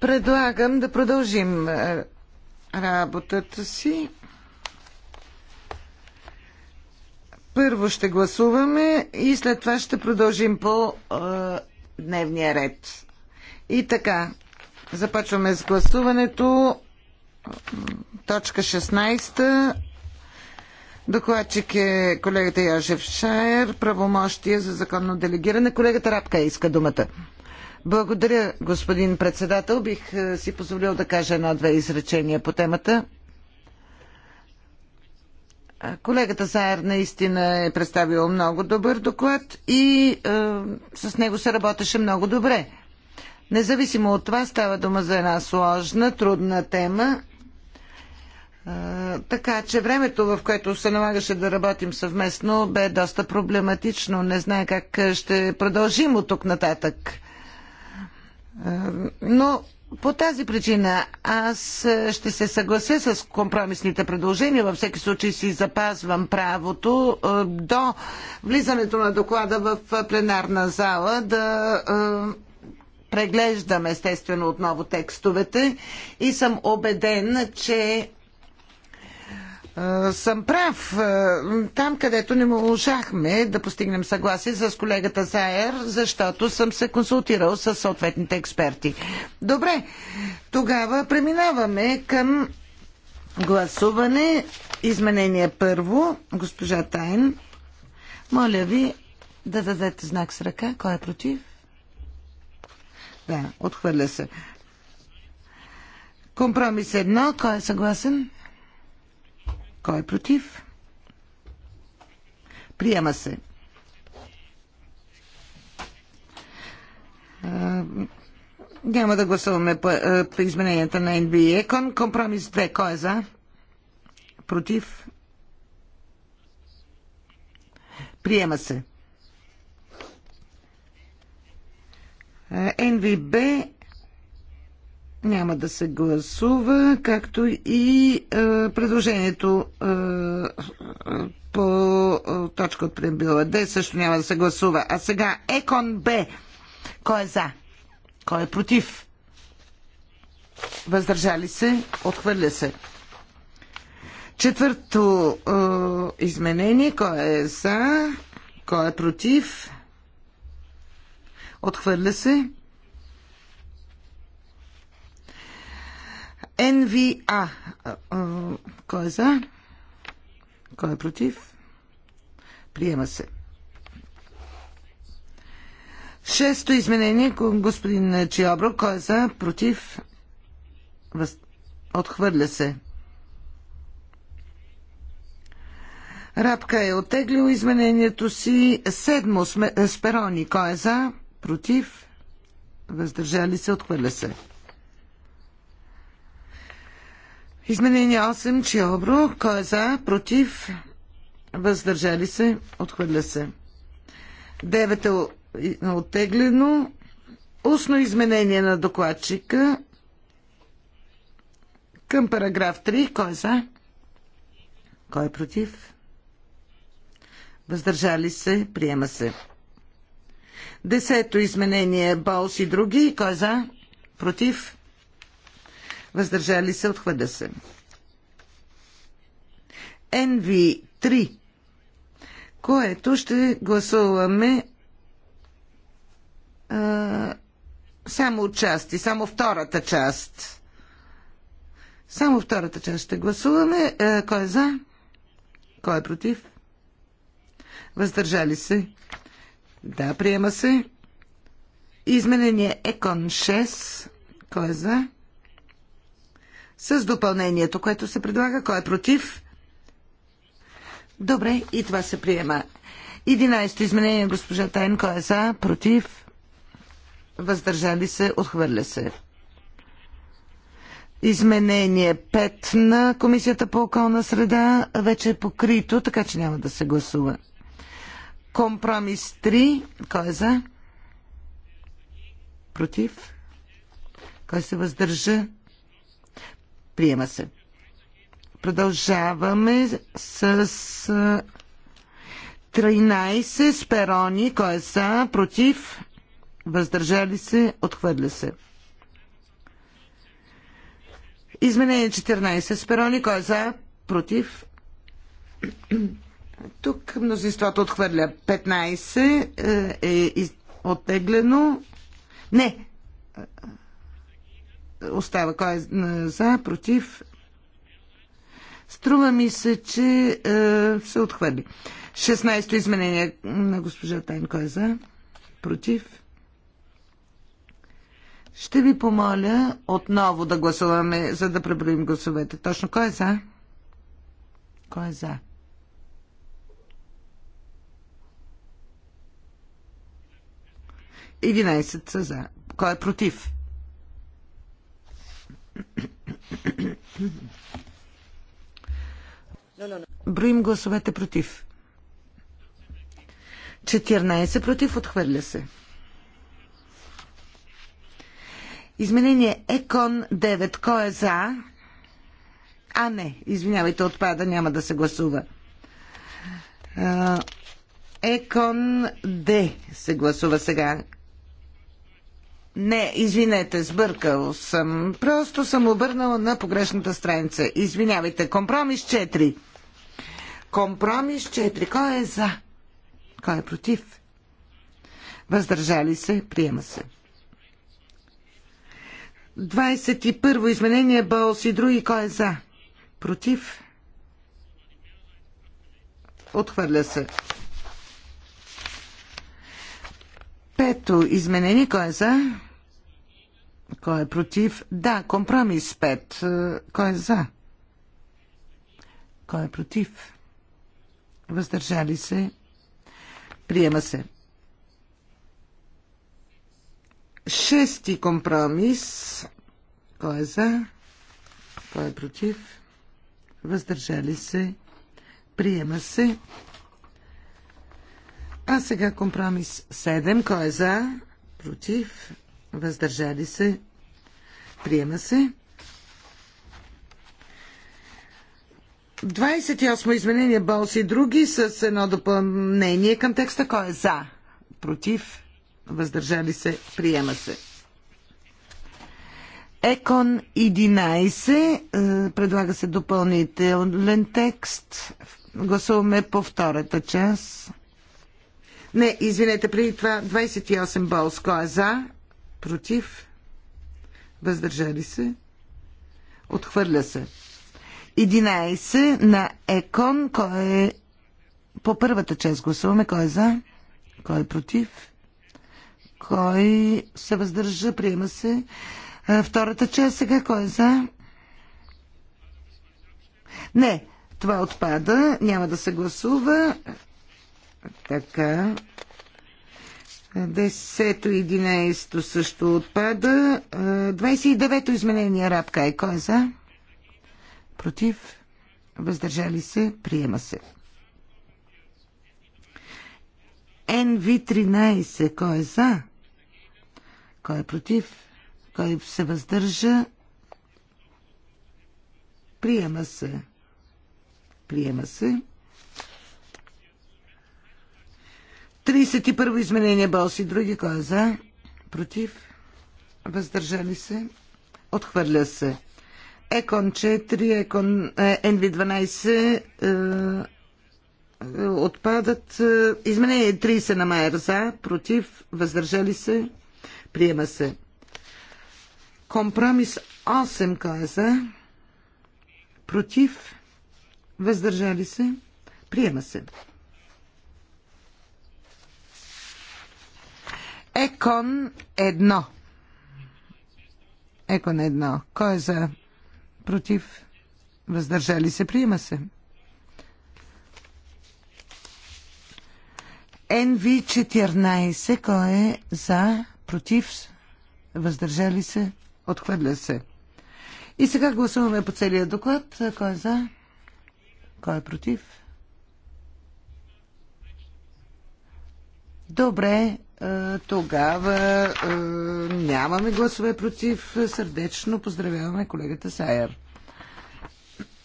Предлагам да продължим е, работата си. Първо ще гласуваме и след това ще продължим по е, дневния ред. И така, започваме с гласуването. Точка 16. Докладчик е колегата Яшев Шаер, правомощие за законно делегиране. Колегата Рапка иска думата. Благодаря, господин председател. Бих е, си позволил да кажа едно-две изречения по темата. Колегата Саер наистина е представил много добър доклад и е, с него се работеше много добре. Независимо от това, става дума за една сложна, трудна тема така че времето, в което се налагаше да работим съвместно, бе доста проблематично. Не знае как ще продължим от тук нататък. Но по тази причина аз ще се съглася с компромисните предложения. Във всеки случай си запазвам правото до влизането на доклада в пленарна зала да преглеждам естествено отново текстовете и съм убеден, че съм прав. Там, където не можахме да постигнем съгласие с колегата Заер, защото съм се консултирал с съответните експерти. Добре, тогава преминаваме към гласуване. Изменение първо. Госпожа Тайн, моля ви да дадете знак с ръка. Кой е против? Да, отхвърля се. Компромис едно. Кой е съгласен? Кой е против? Приема се. Няма да гласуваме по, по измененията на NBA. Кон компромис 2. Кой е за? Против? Приема се. НВБ няма да се гласува, както и е, предложението е, по е, точка от прембила Д също няма да се гласува. А сега Екон Б. Кой е за? Кой е против? Въздържали се? Отхвърля се. Четвърто е, изменение. Кой е за? Кой е против? Отхвърля се. NVA. Кой е за? Кой е против? Приема се. Шесто изменение, господин Чиобро, кой е за, против, въз... отхвърля се. Рапка е отеглил изменението си. Седмо сме... Сперони, кой е за, против, въздържали се, отхвърля се. Изменение 8, Чиобро. Кой е за? Против? Въздържали се? Отхвърля се. 9 е оттеглено. Устно изменение на докладчика към параграф 3. Кой е за? Кой е против? Въздържали се? Приема се. Десето изменение Баус и други. Кой е за? Против? въздържали се, отхвърля се. NV3, което ще гласуваме а, само от части, само втората част. Само втората част ще гласуваме. А, кой е за? Кой е против? Въздържали се? Да, приема се. Изменение Екон 6. Кой е за? с допълнението, което се предлага. Кой е против? Добре, и това се приема. 11 изменение, госпожа Тайн. Кой е за? Против? Въздържали се? Отхвърля се. Изменение 5 на Комисията по околна среда вече е покрито, така че няма да се гласува. Компромис 3. Кой е за? Против? Кой се въздържа? Приема се. Продължаваме с 13 сперони, кой е за, против, въздържали се, отхвърля се. Изменение 14 сперони, кой е за, против. Тук мнозинството отхвърля 15 е, е оттеглено. Не, остава. Кой е за, против? Струва ми се, че е, се отхвърли. 16-то изменение на госпожа Тайн. Кой е за? Против? Ще ви помоля отново да гласуваме, за да преброим гласовете. Точно кой е за? Кой е за? Единайсет са за. Кой е против? Броим гласовете против. 14 против, отхвърля се. Изменение ЕКОН 9. Кой е за? А, не, извинявайте, отпада, няма да се гласува. Екон Д се гласува сега. Не, извинете, сбъркал съм. Просто съм обърнала на погрешната страница. Извинявайте, компромис 4. Компромис 4. Кой е за? Кой е против? Въздържали се, приема се. 21 изменение Баос и други. Кой е за? Против? Отхвърля се. Пето изменение, кой е за? Кой е против? Да, компромис 5. Кой е за? Кой е против? Въздържали се? Приема се. Шести компромис. Кой е за? Кой е против? Въздържали се? Приема се. А сега компромис 7. Кой е за? Против? Въздържали се? Приема се. 28 изменение Болс и други с едно допълнение към текста. Кой е за? Против? Въздържали се? Приема се. Екон 11. Е, предлага се допълнителен текст. Гласуваме по втората част. Не, извинете, преди това 28 болс. Кой е за? Против? Въздържали се? Отхвърля се. 11 на Екон. Кой е по първата част гласуваме? Кой е за? Кой е против? Кой се въздържа? Приема се. Втората част сега. Кой е за? Не, това отпада. Няма да се гласува. Така. 10 и 11 също отпада. 29-то изменение рапка е кой е за? Против? Въздържали се? Приема се. НВ 13 кой е за? Кой е против? Кой се въздържа? Приема се. Приема се. 31 изменение Боси. Други кой е за? Против? Въздържали се? Отхвърля се. Екон 4, Екон NV12 е, е, е, отпадат. Е, изменение 30 на Майер за, против, въздържали се, приема се. Компромис 8 кой е за, против, въздържали се, приема се. Екон едно. Екон едно. Кой е за? Против? Въздържали се? Приема се. НВ-14. Кой е за? Против? Въздържали се? Отхвърля се. И сега гласуваме по целия доклад. Кой е за? Кой е против? Добре, е, тогава е, нямаме гласове против. Сърдечно поздравяваме колегата Сайер.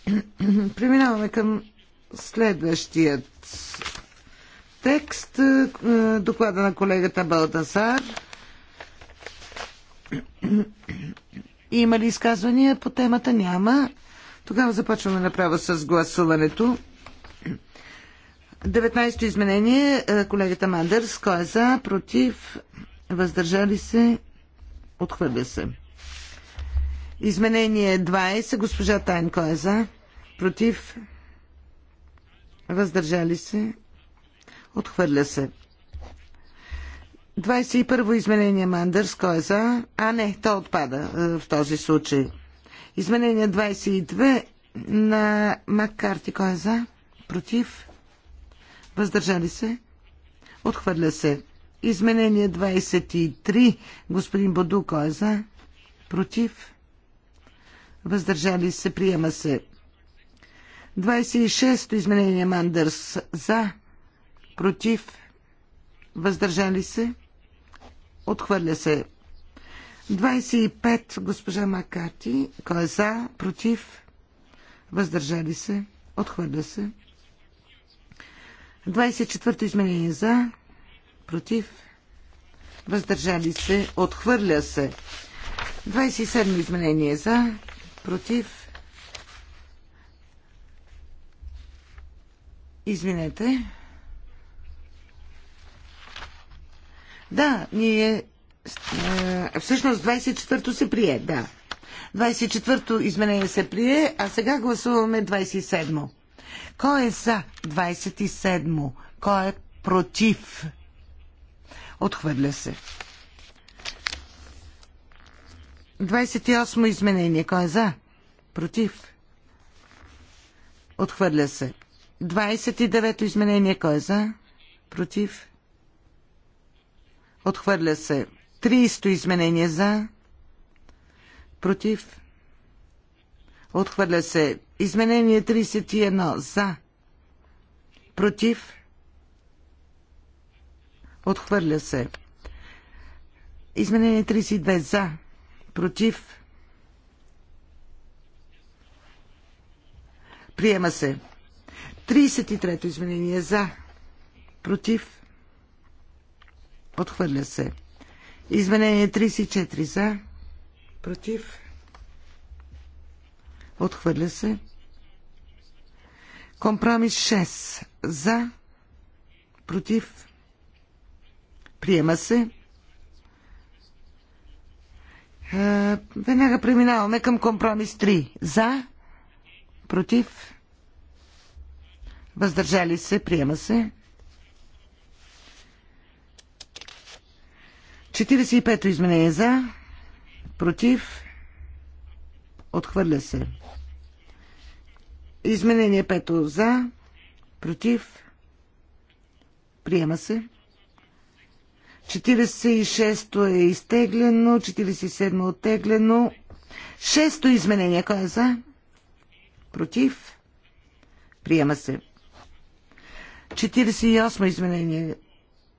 Преминаваме към следващият текст. Е, доклада на колегата Балтасар. Има ли изказвания по темата? Няма. Тогава започваме направо с гласуването. 19-то изменение, е, колегата Мандърс, кой е за, против, въздържали се, отхвърля се. Изменение 20, госпожа Тайн, кой е за, против, въздържали се, отхвърля се. 21-во изменение Мандърс, кой е за? А, не, то отпада е, в този случай. Изменение 22 на Маккарти, кой е за? Против? Въздържали се? Отхвърля се. Изменение 23. Господин Боду, кой е за? Против? Въздържали се? Приема се. 26-то изменение Мандърс. За? Против? Въздържали се? Отхвърля се. 25. Госпожа Макати. Кой е за? Против? Въздържали се? Отхвърля се. 24-то изменение за, против, въздържали се, отхвърля се. 27-то изменение за, против, извинете. Да, ние е, всъщност 24-то се прие, да. 24-то изменение се прие, а сега гласуваме 27-то. Кой е за 27? Кой е против? Отхвърля се. 28 изменение. Кой е за? Против? Отхвърля се. 29 то изменение. Кой е за? Против? Отхвърля се. 30 изменение за? Против? Отхвърля се. Изменение 31. За. Против. Отхвърля се. Изменение 32. За. Против. Приема се. 33-то изменение. За. Против. Отхвърля се. Изменение 34. За. Против. Отхвърля се. Компромис 6. За. Против. Приема се. Е, веднага преминаваме към компромис 3. За. Против. Въздържали се. Приема се. 45-то изменение за. Против. Отхвърля се. Изменение пето за, против, приема се. 46-то е изтеглено, 47-то е оттеглено. Шесто изменение, кой е за? Против, приема се. 48-то изменение.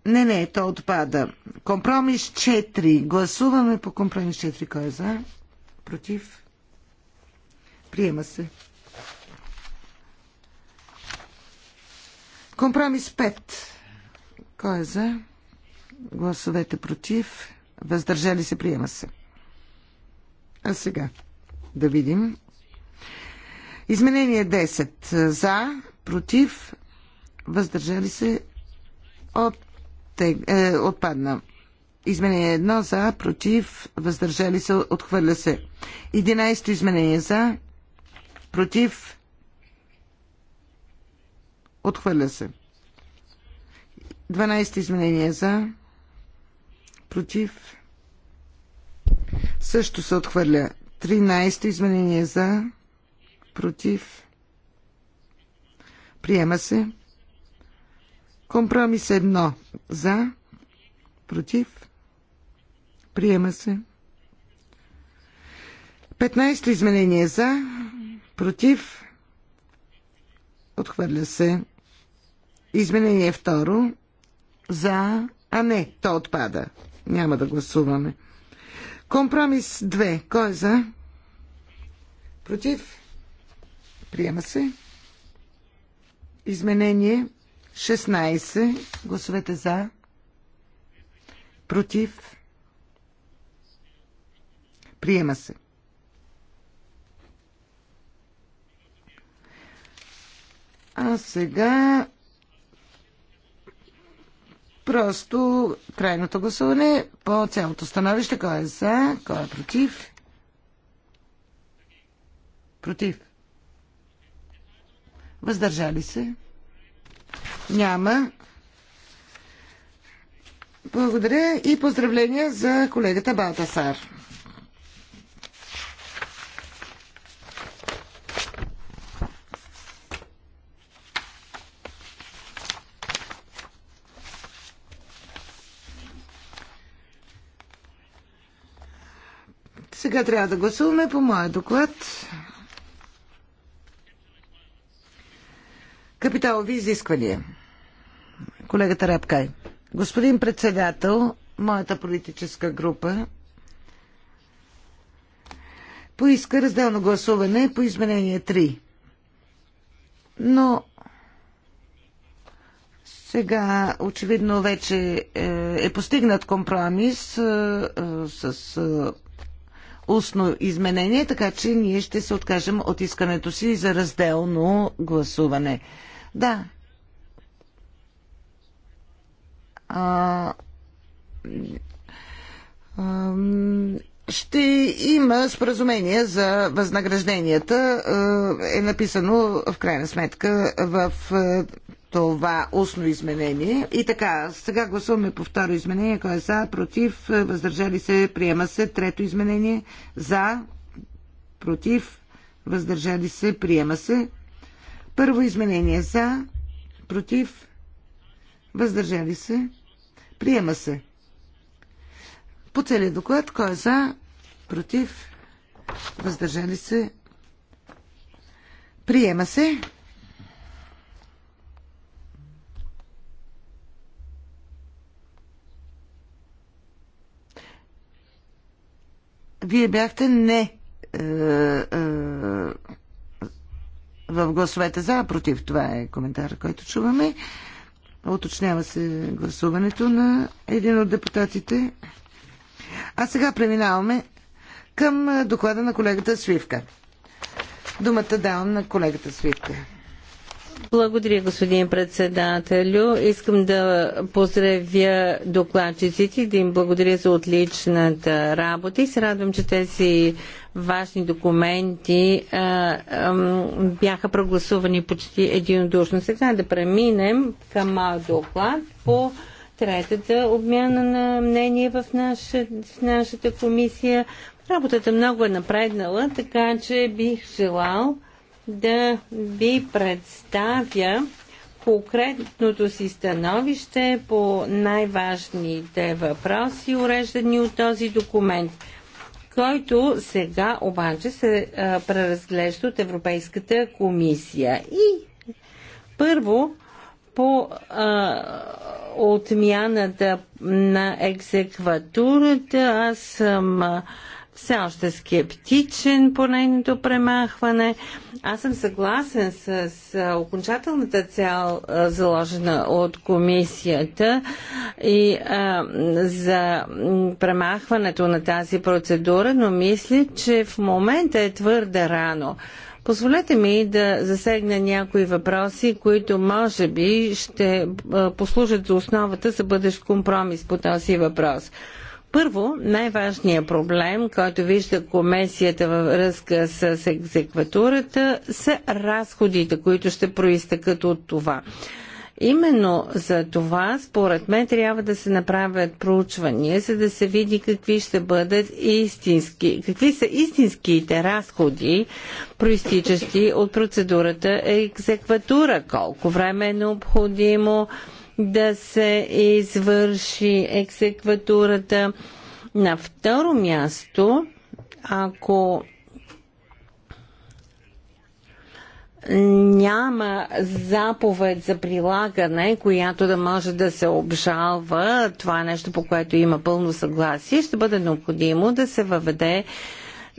Не, не, то отпада. Компромис 4. Гласуваме по компромис 4. Кой е за? Против? Приема се. Компромис 5. Кой е за? Гласовете против. Въздържали се. Приема се. А сега да видим. Изменение 10. За, против, въздържали се. От, е, отпадна. Изменение 1 за, против, въздържали се, отхвърля се. 11 изменение за, Против. Отхвърля се. 12 изменения за. Против. Също се отхвърля. 13 изменение за. Против. Приема се. Компромис 1 за. Против. Приема се. 15 изменение за. Против. Отхвърля се. Изменение второ. За. А не, то отпада. Няма да гласуваме. Компромис 2. Кой е за? Против. Приема се. Изменение 16. Гласовете за. Против. Приема се. А сега просто крайното гласуване по цялото становище. Кой е за, кой е против? Против. Въздържали се? Няма. Благодаря и поздравления за колегата Балтасар. сега трябва да гласуваме по моя доклад. Капиталови изисквания. Колегата Рапкай. Господин председател, моята политическа група поиска разделно гласуване по изменение 3. Но сега очевидно вече е, е постигнат компромис е, е, с е, устно изменение, така че ние ще се откажем от искането си за разделно гласуване. Да. А, а, ще има споразумение за възнагражденията, е написано в крайна сметка в това устно изменение. И така, сега гласуваме по второ изменение. Кой е за, против, въздържали се, приема се. Трето изменение. За, против, въздържали се, приема се. Първо изменение. За, против, въздържали се, приема се. По целият доклад, кой е за, против, въздържали се, приема се. Вие бяхте не е, е, в гласовете за, а против. Това е коментар, който чуваме. Оточнява се гласуването на един от депутатите. А сега преминаваме към доклада на колегата Свивка. Думата давам на колегата Свивка. Благодаря, господин председателю. Искам да поздравя докладчиците и да им благодаря за отличната работа и се радвам, че тези важни документи а, а, бяха прогласувани почти единодушно. Сега да преминем към мал доклад по третата обмяна на мнение в, наша, в нашата комисия. Работата много е напреднала, така че бих желал да ви представя конкретното си становище по най-важните въпроси, уреждани от този документ, който сега обаче се а, преразглежда от Европейската комисия. И първо по а, отмяната на екзекватурата аз съм а, все още скептичен по нейното премахване. Аз съм съгласен с, с окончателната цел, заложена от комисията и а, за премахването на тази процедура, но мисля, че в момента е твърде рано. Позволете ми да засегна някои въпроси, които може би ще послужат за основата за бъдещ компромис по този въпрос. Първо, най-важният проблем, който вижда комисията във връзка с екзекватурата, са разходите, които ще проистъкат от това. Именно за това, според мен, трябва да се направят проучвания, за да се види какви ще бъдат истински, какви са истинските разходи, проистичащи от процедурата екзекватура, колко време е необходимо, да се извърши екзекватурата. На второ място, ако няма заповед за прилагане, която да може да се обжалва. Това е нещо, по което има пълно съгласие. Ще бъде необходимо да се въведе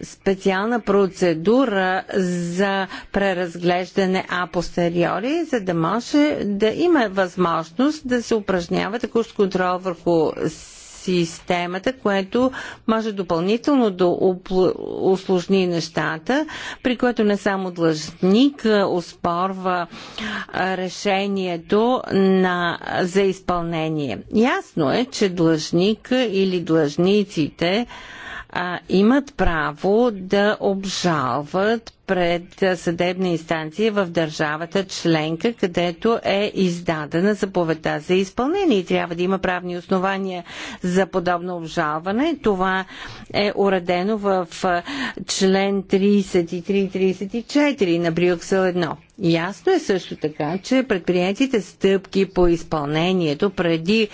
специална процедура за преразглеждане апостериори, за да може да има възможност да се упражнява такъв контрол върху системата, което може допълнително да усложни нещата, при което не само длъжник успорва решението на, за изпълнение. Ясно е, че длъжник или длъжниците а, имат право да обжалват пред съдебни инстанции в държавата членка, където е издадена заповедта за изпълнение и трябва да има правни основания за подобно обжалване. Това е уредено в член 33-34 на Брюксел 1. Ясно е също така, че предприятите стъпки по изпълнението преди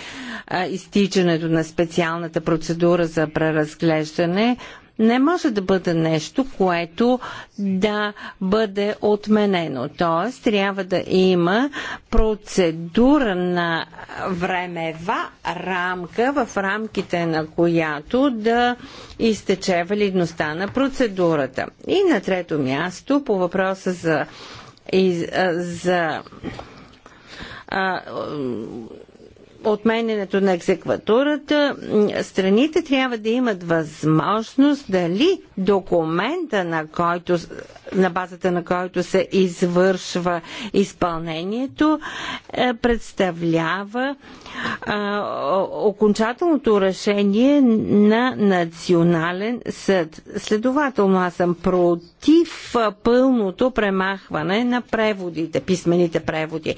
а, изтичането на специалната процедура за преразглеждане не може да бъде нещо, което да бъде отменено. Т.е. трябва да има процедура на времева рамка, в рамките на която да изтече валидността на процедурата. И на трето място, по въпроса за и за а, отменянето на екзекватурата, страните трябва да имат възможност дали документа, на, който, на базата на който се извършва изпълнението, е, представлява а, окончателното решение на национален съд. Следователно, аз съм против пълното премахване на преводите, писмените преводи.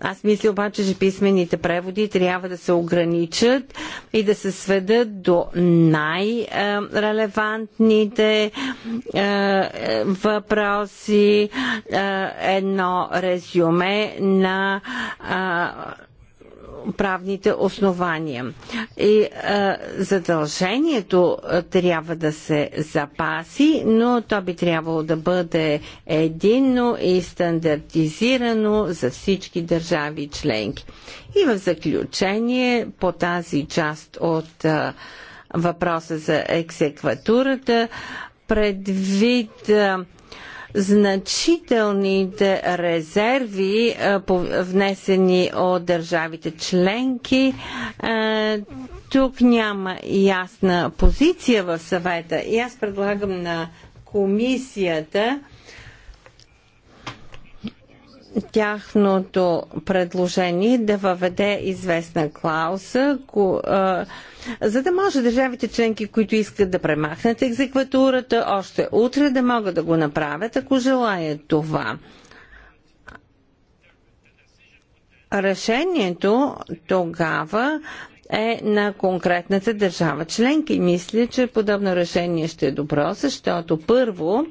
Аз мисля обаче, че писмените преводи трябва трябва да се ограничат и да се сведат до най-релевантните е, е, въпроси, е, едно резюме на правните основания. И а, е, задължението е, трябва да се запаси, но то би трябвало да бъде единно и стандартизирано за всички държави членки. И в заключение по тази част от а, е, въпроса за екзекватурата, предвид а, значителните резерви, внесени от държавите членки. Тук няма ясна позиция в съвета и аз предлагам на комисията тяхното предложение да въведе известна клауса, ко, а, за да може държавите членки, които искат да премахнат екзекватурата, още утре да могат да го направят, ако желаят това. Решението тогава е на конкретната държава членки. Мисля, че подобно решение ще е добро, защото първо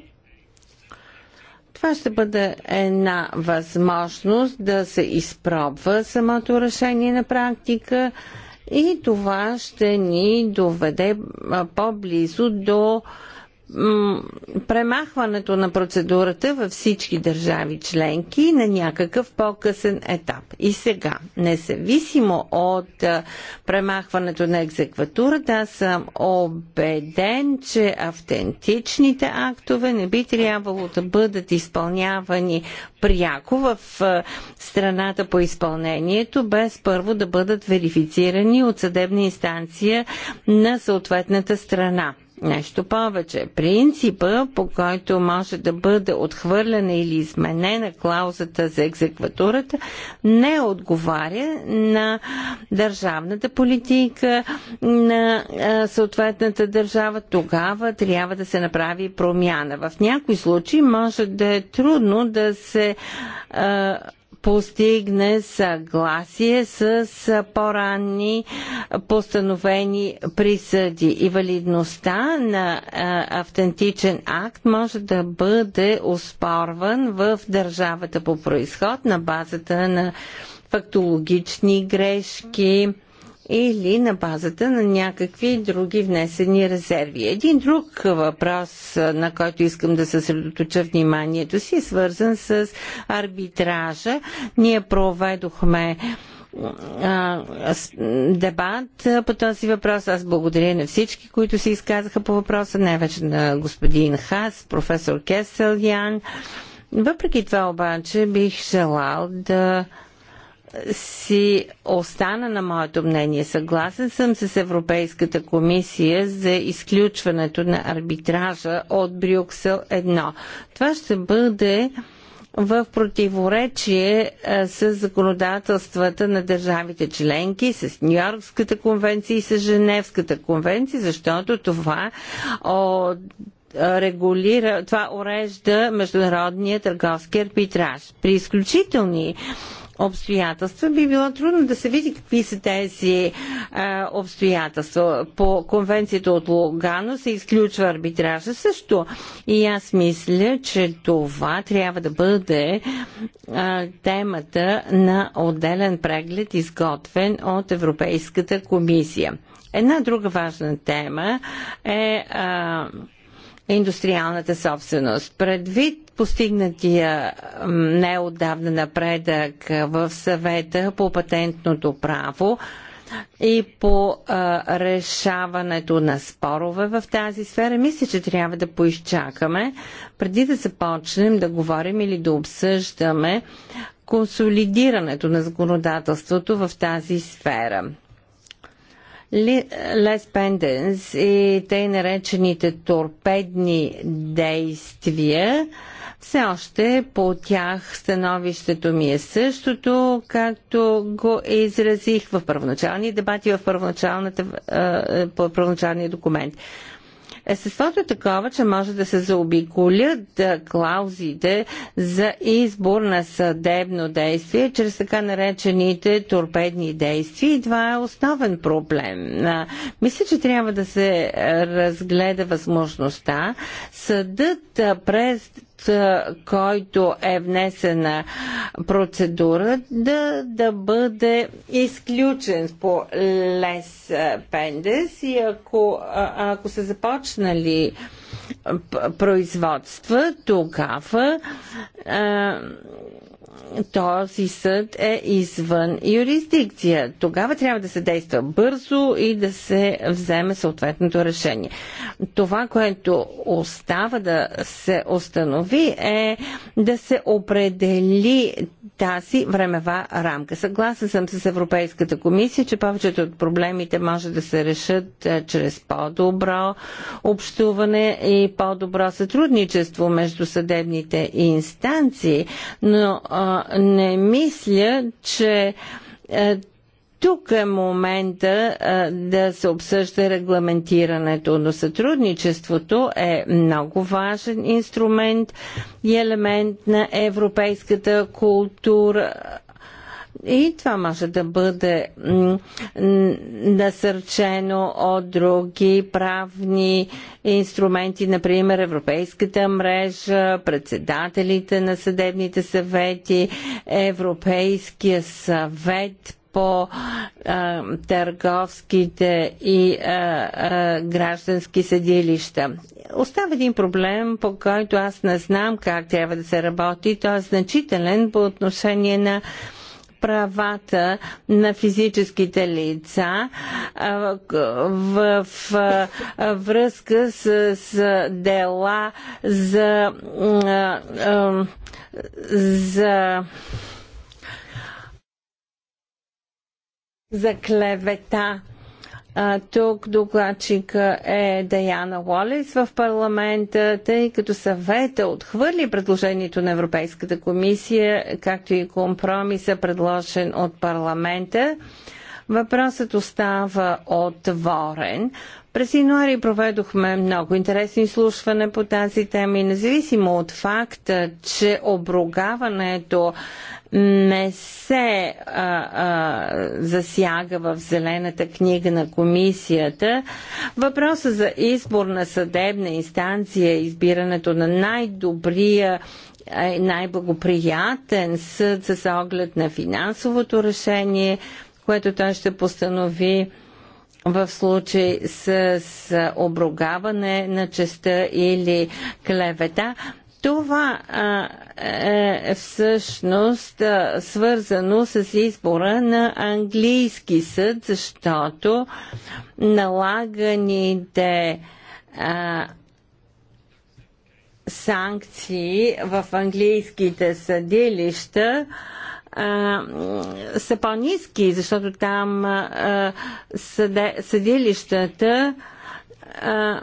това ще бъде една възможност да се изпробва самото решение на практика и това ще ни доведе по-близо до премахването на процедурата във всички държави членки на някакъв по-късен етап. И сега, независимо от премахването на екзекватурата, аз съм убеден, че автентичните актове не би трябвало да бъдат изпълнявани пряко в страната по изпълнението, без първо да бъдат верифицирани от съдебна инстанция на съответната страна. Нещо повече, принципа, по който може да бъде отхвърлена или изменена клаузата за екзекватурата, не отговаря на държавната политика на съответната държава. Тогава трябва да се направи промяна. В някои случаи може да е трудно да се постигне съгласие с по-ранни постановени присъди. И валидността на автентичен акт може да бъде оспорван в държавата по происход на базата на фактологични грешки, или на базата на някакви други внесени резерви. Един друг въпрос, на който искам да съсредоточа вниманието си, е свързан с арбитража. Ние проведохме дебат по този въпрос. Аз благодаря на всички, които се изказаха по въпроса, най-вече на господин Хас, професор Кеселян. Въпреки това обаче бих желал да си остана на моето мнение. Съгласен съм с Европейската комисия за изключването на арбитража от Брюксел 1. Това ще бъде в противоречие с законодателствата на държавите членки, с Нью-Йоркската конвенция и с Женевската конвенция, защото това о, регулира, това урежда международния търговски арбитраж. При изключителни обстоятелства, би било трудно да се види какви са тези а, е, обстоятелства. По конвенцията от Логано се изключва арбитража също. И аз мисля, че това трябва да бъде а, е, темата на отделен преглед, изготвен от Европейската комисия. Една друга важна тема е а, е, индустриалната собственост. Предвид постигнатия неодавна напредък в съвета по патентното право, и по а, решаването на спорове в тази сфера, мисля, че трябва да поизчакаме, преди да започнем да говорим или да обсъждаме консолидирането на законодателството в тази сфера. Лес Пенденс и тъй наречените торпедни действия, все още по тях становището ми е същото, както го изразих в първоначални дебати, в първоначалната, по първоначалния документ. Естеството е такова, че може да се заобиколят клаузите за избор на съдебно действие чрез така наречените торпедни действия и това е основен проблем. Мисля, че трябва да се разгледа възможността съдът през който е внесена процедура, да, да бъде изключен по лес пендес и ако, ако са започнали производства, тогава а, този съд е извън юрисдикция. Тогава трябва да се действа бързо и да се вземе съответното решение. Това, което остава да се установи е да се определи тази времева рамка. Съгласен съм с Европейската комисия, че повечето от проблемите може да се решат е, чрез по-добро общуване и по-добро сътрудничество между съдебните инстанции, но а, не мисля, че е, тук е момента е, да се обсъжда регламентирането, но сътрудничеството е много важен инструмент и елемент на европейската култура, и това може да бъде насърчено от други правни инструменти, например Европейската мрежа, председателите на съдебните съвети, Европейския съвет по а, търговските и а, а, граждански съдилища. Остава един проблем, по който аз не знам как трябва да се работи. Той е значителен по отношение на правата на физическите лица в връзка с дела за, за за клевета тук докладчик е Даяна Уолис в парламента, тъй като съвета отхвърли предложението на Европейската комисия, както и компромиса предложен от парламента. Въпросът остава отворен. През януари проведохме много интересни изслушване по тази тема и независимо от факта, че обругаването не се а, а, засяга в зелената книга на комисията, Въпросът за избор на съдебна инстанция, избирането на най-добрия е, най-благоприятен съд с оглед на финансовото решение – което той ще постанови в случай с, с обругаване на честа или клевета. Това а, е, е всъщност а, свързано с избора на английски съд, защото налаганите а, санкции в английските съдилища а, а, са по-низки, защото там а, съде, съдилищата а,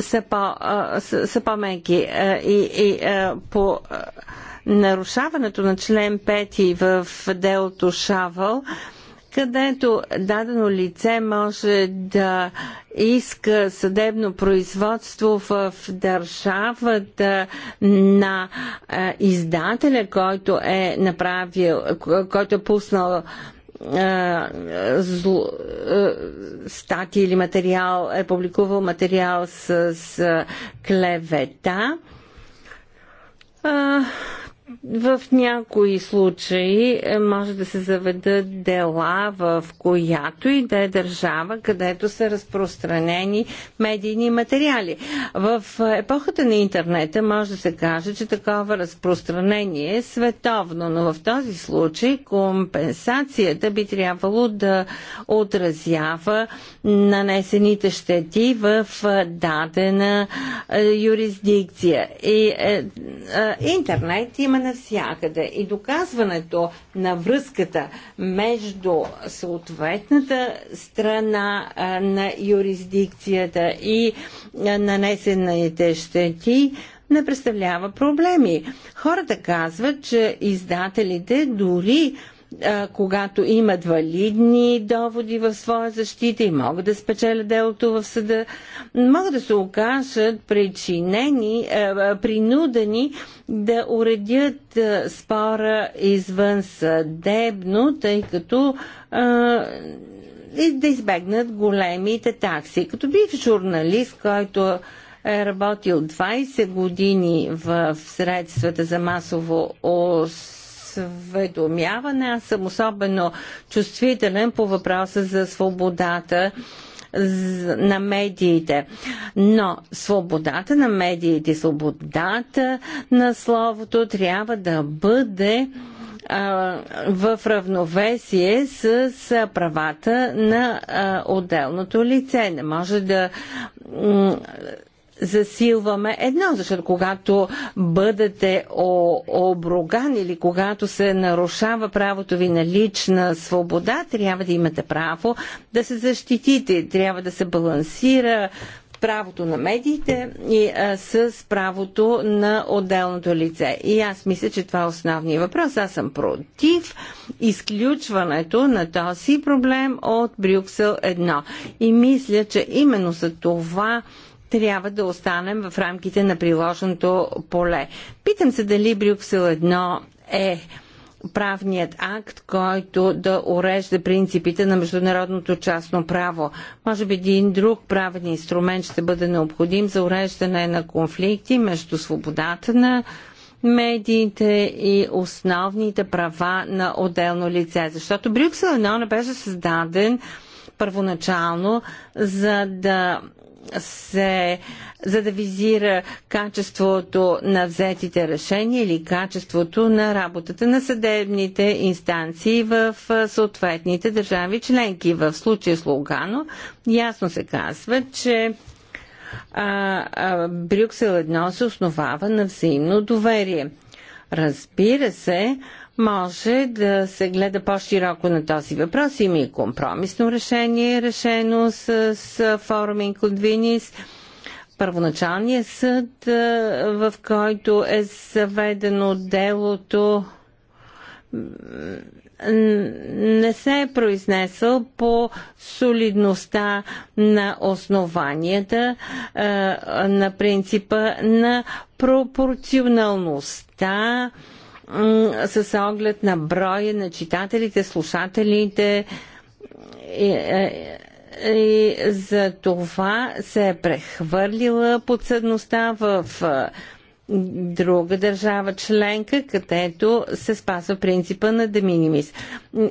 са, по, а, са, са по-меки. А, и и а, по нарушаването на член 5 в делото Шавъл а, където дадено лице може да иска съдебно производство в държавата на е, издателя, който е направил, който е пуснал е, зло, е, стати или материал, е публикувал материал с, с клевета. В някои случаи е, може да се заведат дела в която и да е държава, където са разпространени медийни материали. В епохата на интернета може да се каже, че такова разпространение е световно, но в този случай компенсацията би трябвало да отразява нанесените щети в е, дадена е, юрисдикция. И е, е, интернет има навсякъде. И доказването на връзката между съответната страна на юрисдикцията и нанесените щети не представлява проблеми. Хората казват, че издателите дори когато имат валидни доводи в своя защита и могат да спечелят делото в съда, могат да се окажат причинени, принудени да уредят спора извън съдебно, тъй като и да избегнат големите такси. Като бив журналист, който е работил 20 години в средствата за масово ос осведомяване. Аз съм особено чувствителен по въпроса за свободата на медиите. Но свободата на медиите, свободата на словото трябва да бъде в равновесие с правата на отделното лице. Не може да засилваме едно, защото когато бъдете оброган или когато се нарушава правото ви на лична свобода, трябва да имате право да се защитите, трябва да се балансира правото на медиите и а, с правото на отделното лице. И аз мисля, че това е основният въпрос. Аз съм против изключването на този проблем от Брюксел 1. И мисля, че именно за това трябва да останем в рамките на приложеното поле. Питам се дали Брюксел 1 е правният акт, който да урежда принципите на международното частно право. Може би един друг правен инструмент ще бъде необходим за уреждане на конфликти между свободата на медиите и основните права на отделно лице. Защото Брюксел едно не беше създаден първоначално, за да се, за да визира качеството на взетите решения или качеството на работата на съдебните инстанции в съответните държави членки. В случая с Лугано ясно се казва, че а, а, Брюксел едно се основава на взаимно доверие. Разбира се, а, може да се гледа по-широко на този въпрос. Има и компромисно решение, решено с, с форум Инклюдвинис. Първоначалният съд, в който е заведено делото, не се е произнесъл по солидността на основанията, на принципа на пропорционалността, с оглед на броя на читателите, слушателите и, е, е, и за това се е прехвърлила подсъдността в е, друга държава членка, където се спазва принципа на деминимис.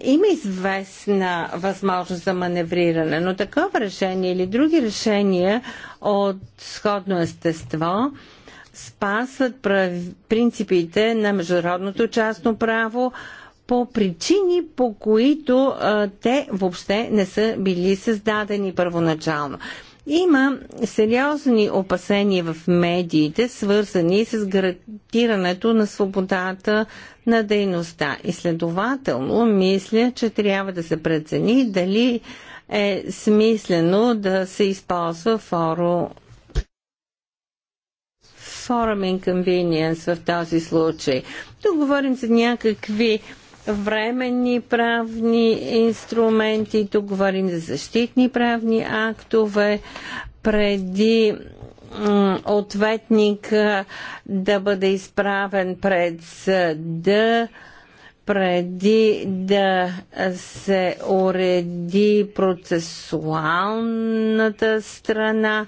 Има известна възможност за маневриране, но такова решение или други решения от сходно естество спасват принципите на международното частно право по причини, по които а, те въобще не са били създадени първоначално. Има сериозни опасения в медиите, свързани с гарантирането на свободата на дейността. И следователно, мисля, че трябва да се прецени дали е смислено да се използва форо форум инконвениенс в този случай. Тук говорим за някакви временни правни инструменти, тук говорим за защитни правни актове, преди ответник да бъде изправен пред съда, преди да се уреди процесуалната страна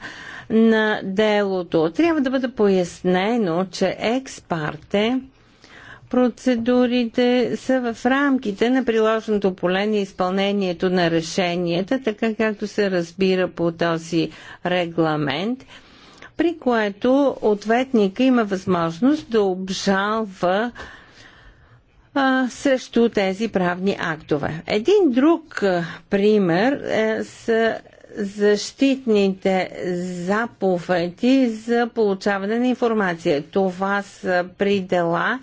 на делото. Трябва да бъде пояснено, че експарте процедурите са в рамките на приложеното поле на изпълнението на решенията, така както се разбира по този регламент, при което ответника има възможност да обжалва срещу тези правни актове. Един друг пример е, са защитните заповеди за получаване на информация. Това са при дела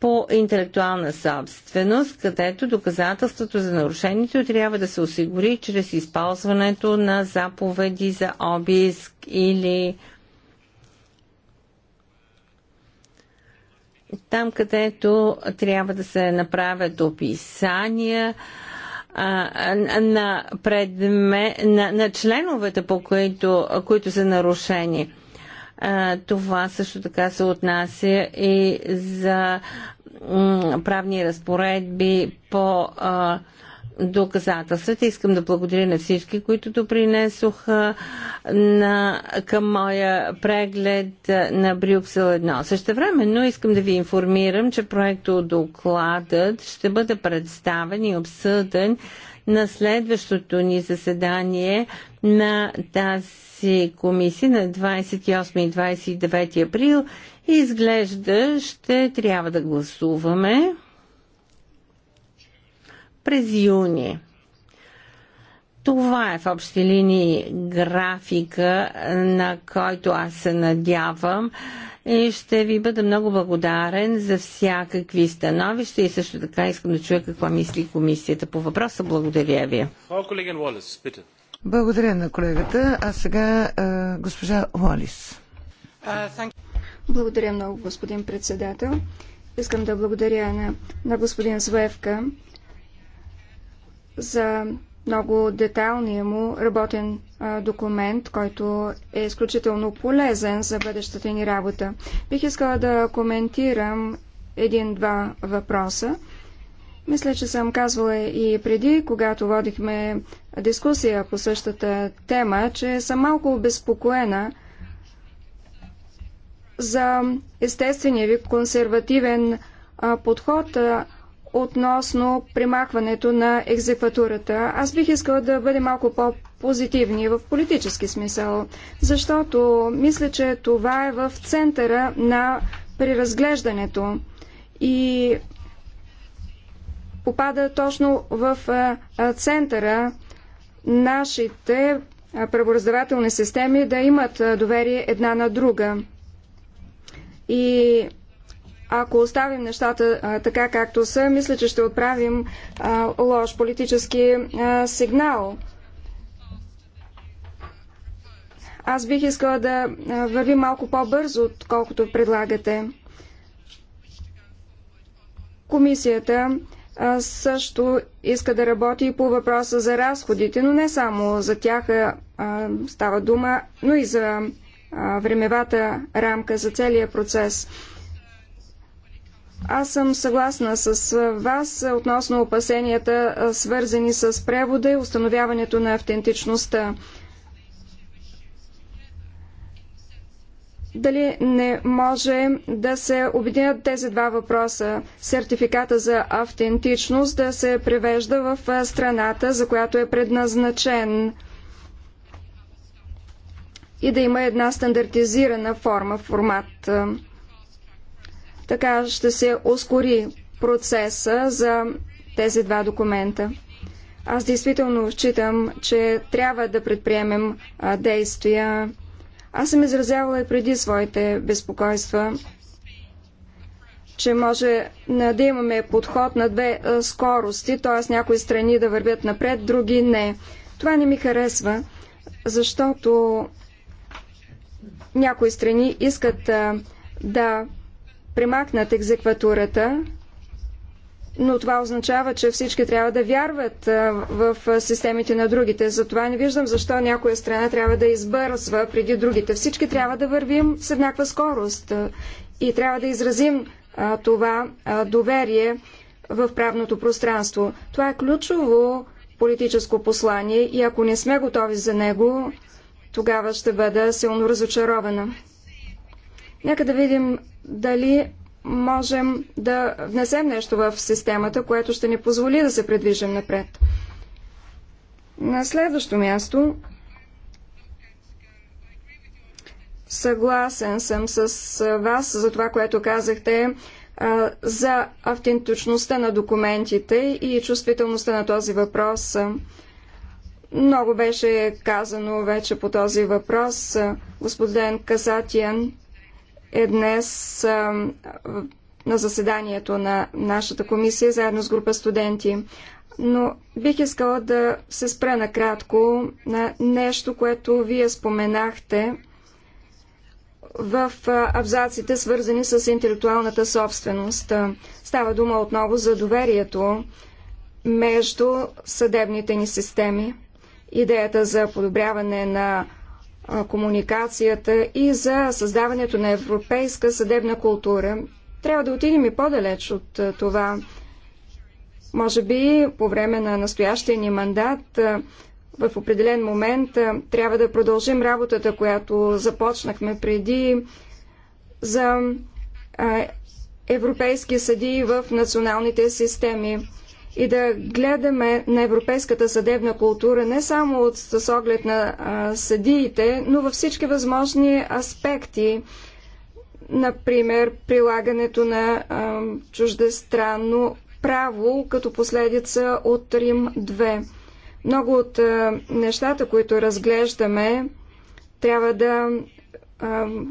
по интелектуална собственост, където доказателството за нарушението трябва да се осигури чрез използването на заповеди за обиск или там, където трябва да се направят описания, на, предме, на, на членовете, по които, които са нарушени. Това също така се отнася и за правни разпоредби по а, доказателствата. Искам да благодаря на всички, които допринесоха на, към моя преглед на Брюксел 1. Също времено искам да ви информирам, че проекто докладът ще бъде представен и обсъден на следващото ни заседание на тази комисия на 28 и 29 април. Изглежда ще трябва да гласуваме през юни. Това е в общи линии графика, на който аз се надявам и ще ви бъда много благодарен за всякакви становища и също така искам да чуя какво мисли комисията по въпроса. Благодаря ви. Благодаря на колегата. А сега госпожа Уолис. Благодаря много, господин председател. Искам да благодаря на, на господин Звевка за много детайлния му работен документ, който е изключително полезен за бъдещата ни работа. Бих искала да коментирам един-два въпроса. Мисля, че съм казвала и преди, когато водихме дискусия по същата тема, че съм малко обезпокоена за естествения ви консервативен подход относно примахването на екзекватурата. Аз бих искала да бъде малко по-позитивни в политически смисъл, защото мисля, че това е в центъра на преразглеждането и попада точно в центъра нашите правораздавателни системи да имат доверие една на друга. И ако оставим нещата а, така както са, мисля, че ще отправим а, лош политически а, сигнал. Аз бих искала да върви малко по-бързо, отколкото предлагате. Комисията също иска да работи и по въпроса за разходите, но не само за тях става дума, но и за времевата рамка за целия процес. Аз съм съгласна с вас относно опасенията, свързани с превода и установяването на автентичността. Дали не може да се обединят тези два въпроса? Сертификата за автентичност да се превежда в страната, за която е предназначен и да има една стандартизирана форма, формат. Така ще се ускори процеса за тези два документа. Аз действително считам, че трябва да предприемем а, действия. Аз съм изразявала и преди своите безпокойства, че може да имаме подход на две а, скорости, т.е. някои страни да вървят напред, други не. Това не ми харесва, защото някои страни искат а, да премахнат екзекватурата, но това означава, че всички трябва да вярват в системите на другите. Затова не виждам защо някоя страна трябва да избързва преди другите. Всички трябва да вървим с еднаква скорост и трябва да изразим това доверие в правното пространство. Това е ключово политическо послание и ако не сме готови за него, тогава ще бъда силно разочарована. Нека да видим дали можем да внесем нещо в системата, което ще ни позволи да се предвижим напред. На следващо място съгласен съм с вас за това, което казахте за автентичността на документите и чувствителността на този въпрос. Много беше казано вече по този въпрос. Господин Казатиан е днес на заседанието на нашата комисия заедно с група студенти. Но бих искала да се спра накратко на нещо, което вие споменахте в абзаците, свързани с интелектуалната собственост. Става дума отново за доверието между съдебните ни системи. Идеята за подобряване на комуникацията и за създаването на европейска съдебна култура. Трябва да отидем и по-далеч от това. Може би по време на настоящия ни мандат в определен момент трябва да продължим работата, която започнахме преди за европейски съди в националните системи и да гледаме на европейската съдебна култура не само от, с оглед на а, съдиите, но във всички възможни аспекти. Например, прилагането на а, чуждестранно право като последица от Рим 2. Много от а, нещата, които разглеждаме, трябва да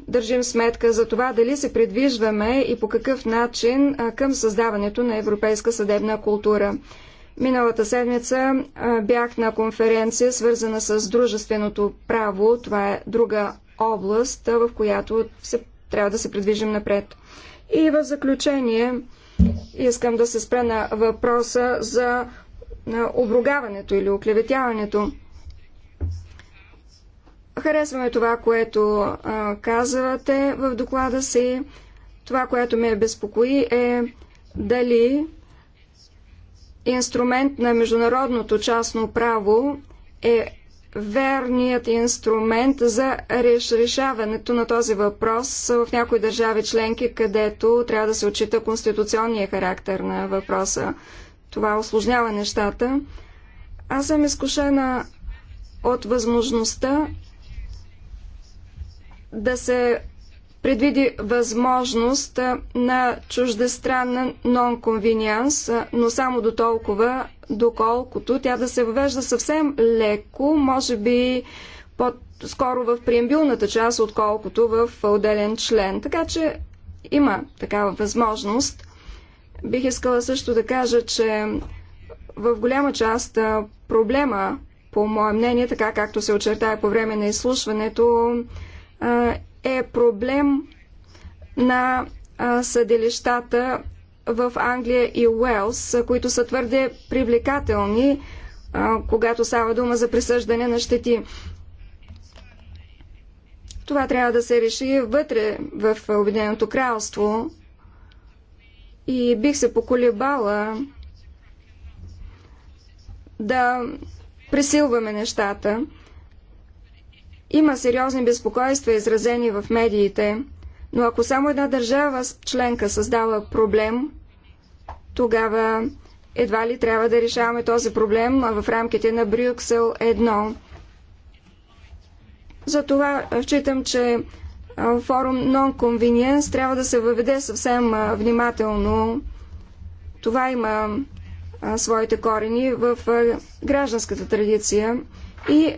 държим сметка за това дали се придвижваме и по какъв начин към създаването на европейска съдебна култура. Миналата седмица бях на конференция, свързана с дружественото право. Това е друга област, в която се, трябва да се придвижим напред. И в заключение искам да се спра на въпроса за обругаването или оклеветяването. Харесваме това, което а, казвате в доклада си. Това, което ме безпокои е дали инструмент на международното частно право е верният инструмент за решаването на този въпрос в някои държави членки, където трябва да се отчита конституционния характер на въпроса. Това осложнява нещата. Аз съм изкушена от възможността да се предвиди възможност на чуждестранна нон-конвинианс, но само до толкова, доколкото тя да се въвежда съвсем леко, може би по-скоро в преембилната част, отколкото в отделен член. Така че има такава възможност. Бих искала също да кажа, че в голяма част проблема, по мое мнение, така както се очертая по време на изслушването, е проблем на съдилищата в Англия и Уелс, които са твърде привлекателни, когато става дума за присъждане на щети. Това трябва да се реши вътре в Обединеното кралство и бих се поколебала да пресилваме нещата. Има сериозни безпокойства, изразени в медиите, но ако само една държава членка създава проблем, тогава едва ли трябва да решаваме този проблем в рамките на Брюксел 1. Затова считам, че форум Non-Convenience трябва да се въведе съвсем внимателно. Това има своите корени в гражданската традиция и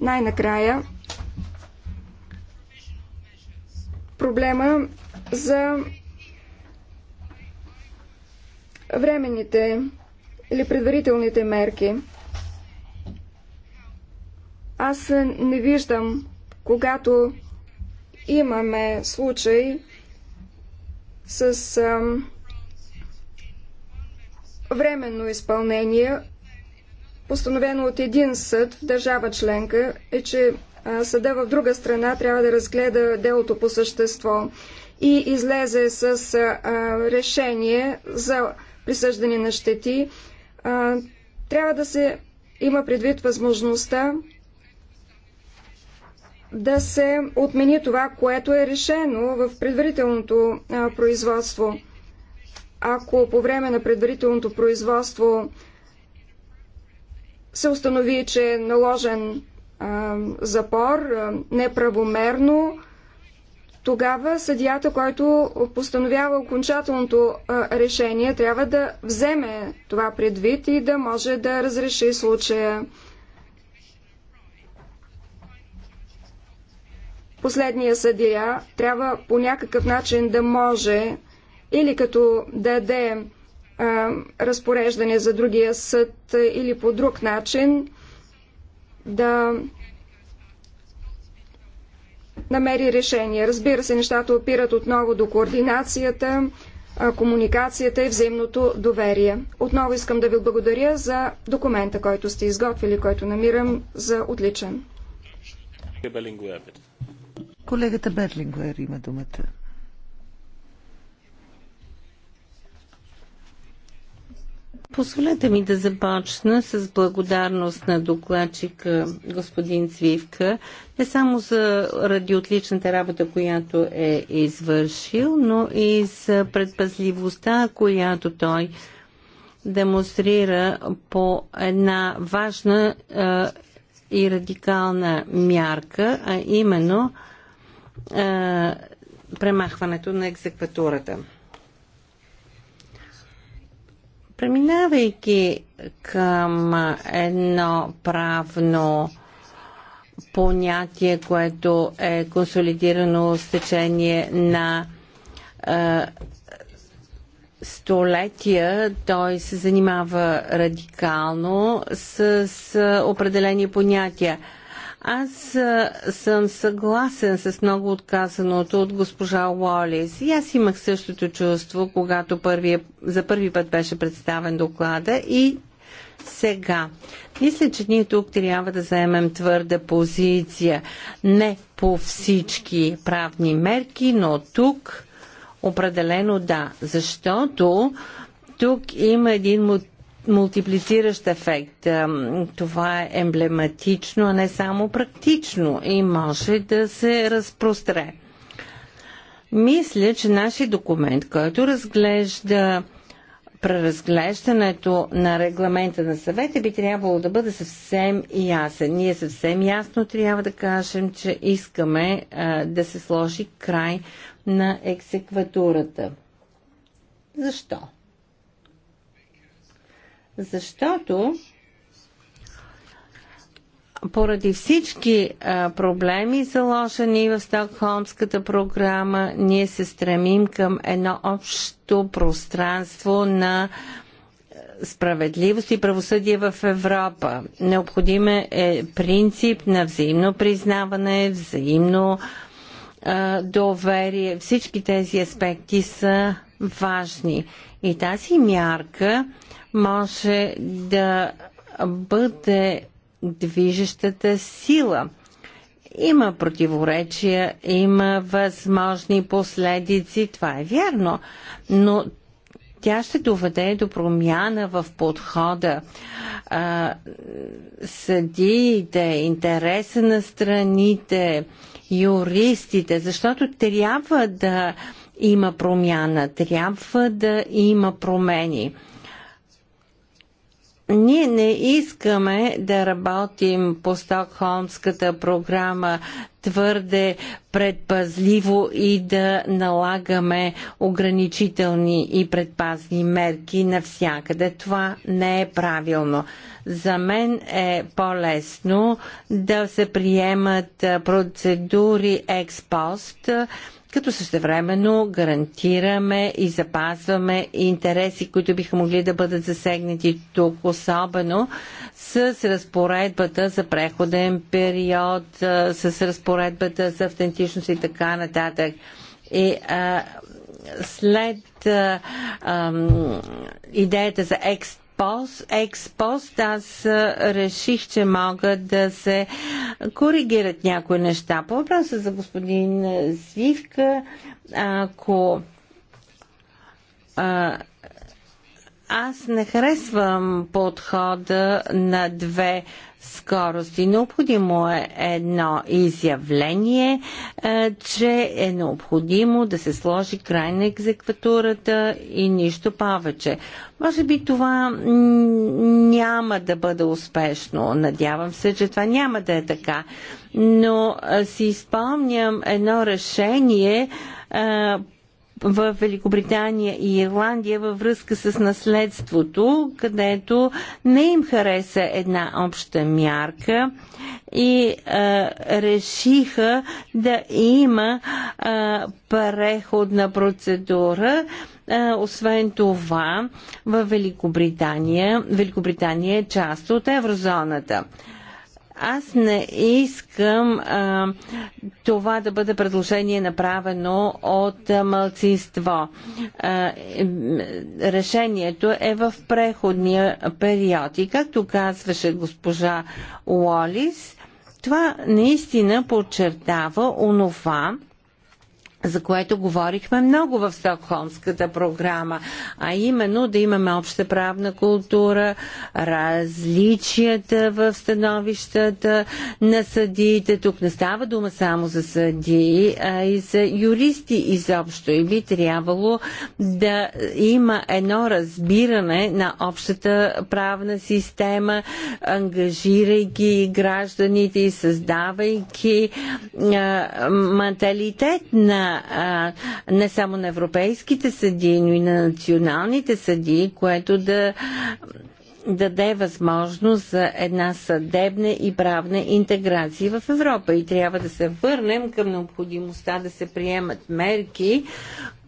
най-накрая проблема за временните или предварителните мерки. Аз не виждам, когато имаме случай с временно изпълнение постановено от един съд в държава членка, е, че съда в друга страна трябва да разгледа делото по същество и излезе с решение за присъждане на щети, трябва да се има предвид възможността да се отмени това, което е решено в предварителното производство. Ако по време на предварителното производство се установи, че е наложен а, запор а, неправомерно, тогава съдията, който постановява окончателното а, решение, трябва да вземе това предвид и да може да разреши случая. Последния съдия трябва по някакъв начин да може или като даде разпореждане за другия съд или по друг начин да намери решение. Разбира се, нещата опират отново до координацията, комуникацията и взаимното доверие. Отново искам да ви благодаря за документа, който сте изготвили, който намирам за отличен. Колегата Берлингуер има думата. Позволете ми да започна с благодарност на докладчик господин Цвивка, не само за ради отличната работа, която е извършил, но и за предпазливостта, която той демонстрира по една важна е, и радикална мярка, а именно е, премахването на екзекватурата. Преминавайки към едно правно понятие, което е консолидирано с течение на е, столетия, той се занимава радикално с, с определени понятия. Аз съм съгласен с много отказаното от госпожа Уолис. И аз имах същото чувство, когато първия, за първи път беше представен доклада и сега. Мисля, че ние тук трябва да заемем твърда позиция. Не по всички правни мерки, но тук определено да. Защото тук има един мотив мултиплициращ ефект. Това е емблематично, а не само практично и може да се разпростре. Мисля, че нашия документ, който разглежда преразглеждането на регламента на съвета би трябвало да бъде съвсем ясен. Ние съвсем ясно трябва да кажем, че искаме а, да се сложи край на екзекватурата. Защо? защото поради всички а, проблеми, заложени в Стокхолмската програма, ние се стремим към едно общо пространство на справедливост и правосъдие в Европа. Необходим е принцип на взаимно признаване, взаимно а, доверие. Всички тези аспекти са важни. И тази мярка може да бъде движещата сила. Има противоречия, има възможни последици, това е вярно, но тя ще доведе до промяна в подхода. А, съдиите, интереса на страните, юристите, защото трябва да а, има промяна, трябва да има промени. Ние не искаме да работим по Стокхолмската програма твърде предпазливо и да налагаме ограничителни и предпазни мерки навсякъде. Това не е правилно. За мен е по-лесно да се приемат процедури експост, като същевременно гарантираме и запазваме интереси, които биха могли да бъдат засегнати тук, особено с разпоредбата за преходен период, с разпоредбата за автентичност и така нататък. И а, след а, а, идеята за екст пост, експост, аз реших, че могат да се коригират някои неща. По въпроса за господин Свивка, ако а, аз не харесвам подхода на две скорости. Необходимо е едно изявление, е, че е необходимо да се сложи край на екзекватурата и нищо повече. Може би това няма да бъде успешно. Надявам се, че това няма да е така. Но си спомням едно решение в Великобритания и Ирландия във връзка с наследството, където не им хареса една обща мярка и а, е, решиха да има а, е, преходна процедура. А, е, освен това, в Великобритания, Великобритания е част от еврозоната. Аз не искам а, това да бъде предложение направено от мълцинство. А, решението е в преходния период. И както казваше госпожа Уолис, това наистина подчертава онова, за което говорихме много в Стокхолмската програма, а именно да имаме обща правна култура, различията в становищата на съдиите. Тук не става дума само за съдии, а и за юристи изобщо. И би трябвало да има едно разбиране на общата правна система, ангажирайки гражданите и създавайки менталитет на а, не само на европейските съди, но и на националните съди, което да даде възможност за една съдебна и правна интеграция в Европа. И трябва да се върнем към необходимостта да се приемат мерки,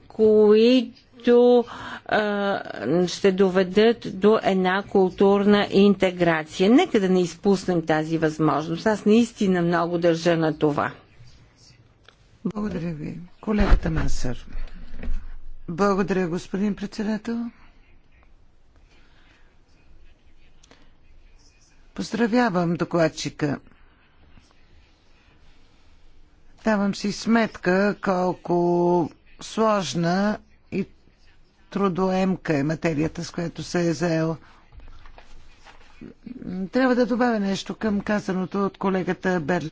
които които а, ще доведат до една културна интеграция. Нека да не изпуснем тази възможност. Аз наистина много държа на това. Благодаря ви. Колегата Масър. Благодаря, господин председател. Поздравявам докладчика. Давам си сметка колко сложна и трудоемка е материята, с която се е заел. Трябва да добавя нещо към казаното от колегата Берли.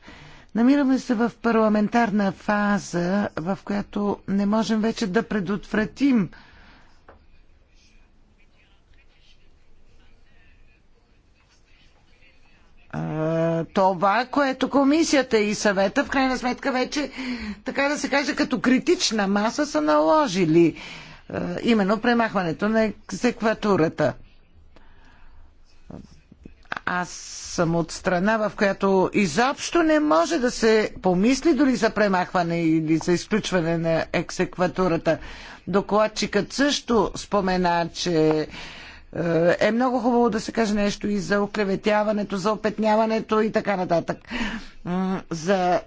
Намираме се в парламентарна фаза, в която не можем вече да предотвратим това, което комисията и съвета в крайна сметка вече, така да се каже, като критична маса са наложили именно премахването на екзекватурата. Аз съм от страна, в която изобщо не може да се помисли дори за премахване или за изключване на екзекватурата. Докладчикът също спомена, че е, е много хубаво да се каже нещо и за оклеветяването, за опетняването и така нататък. За е,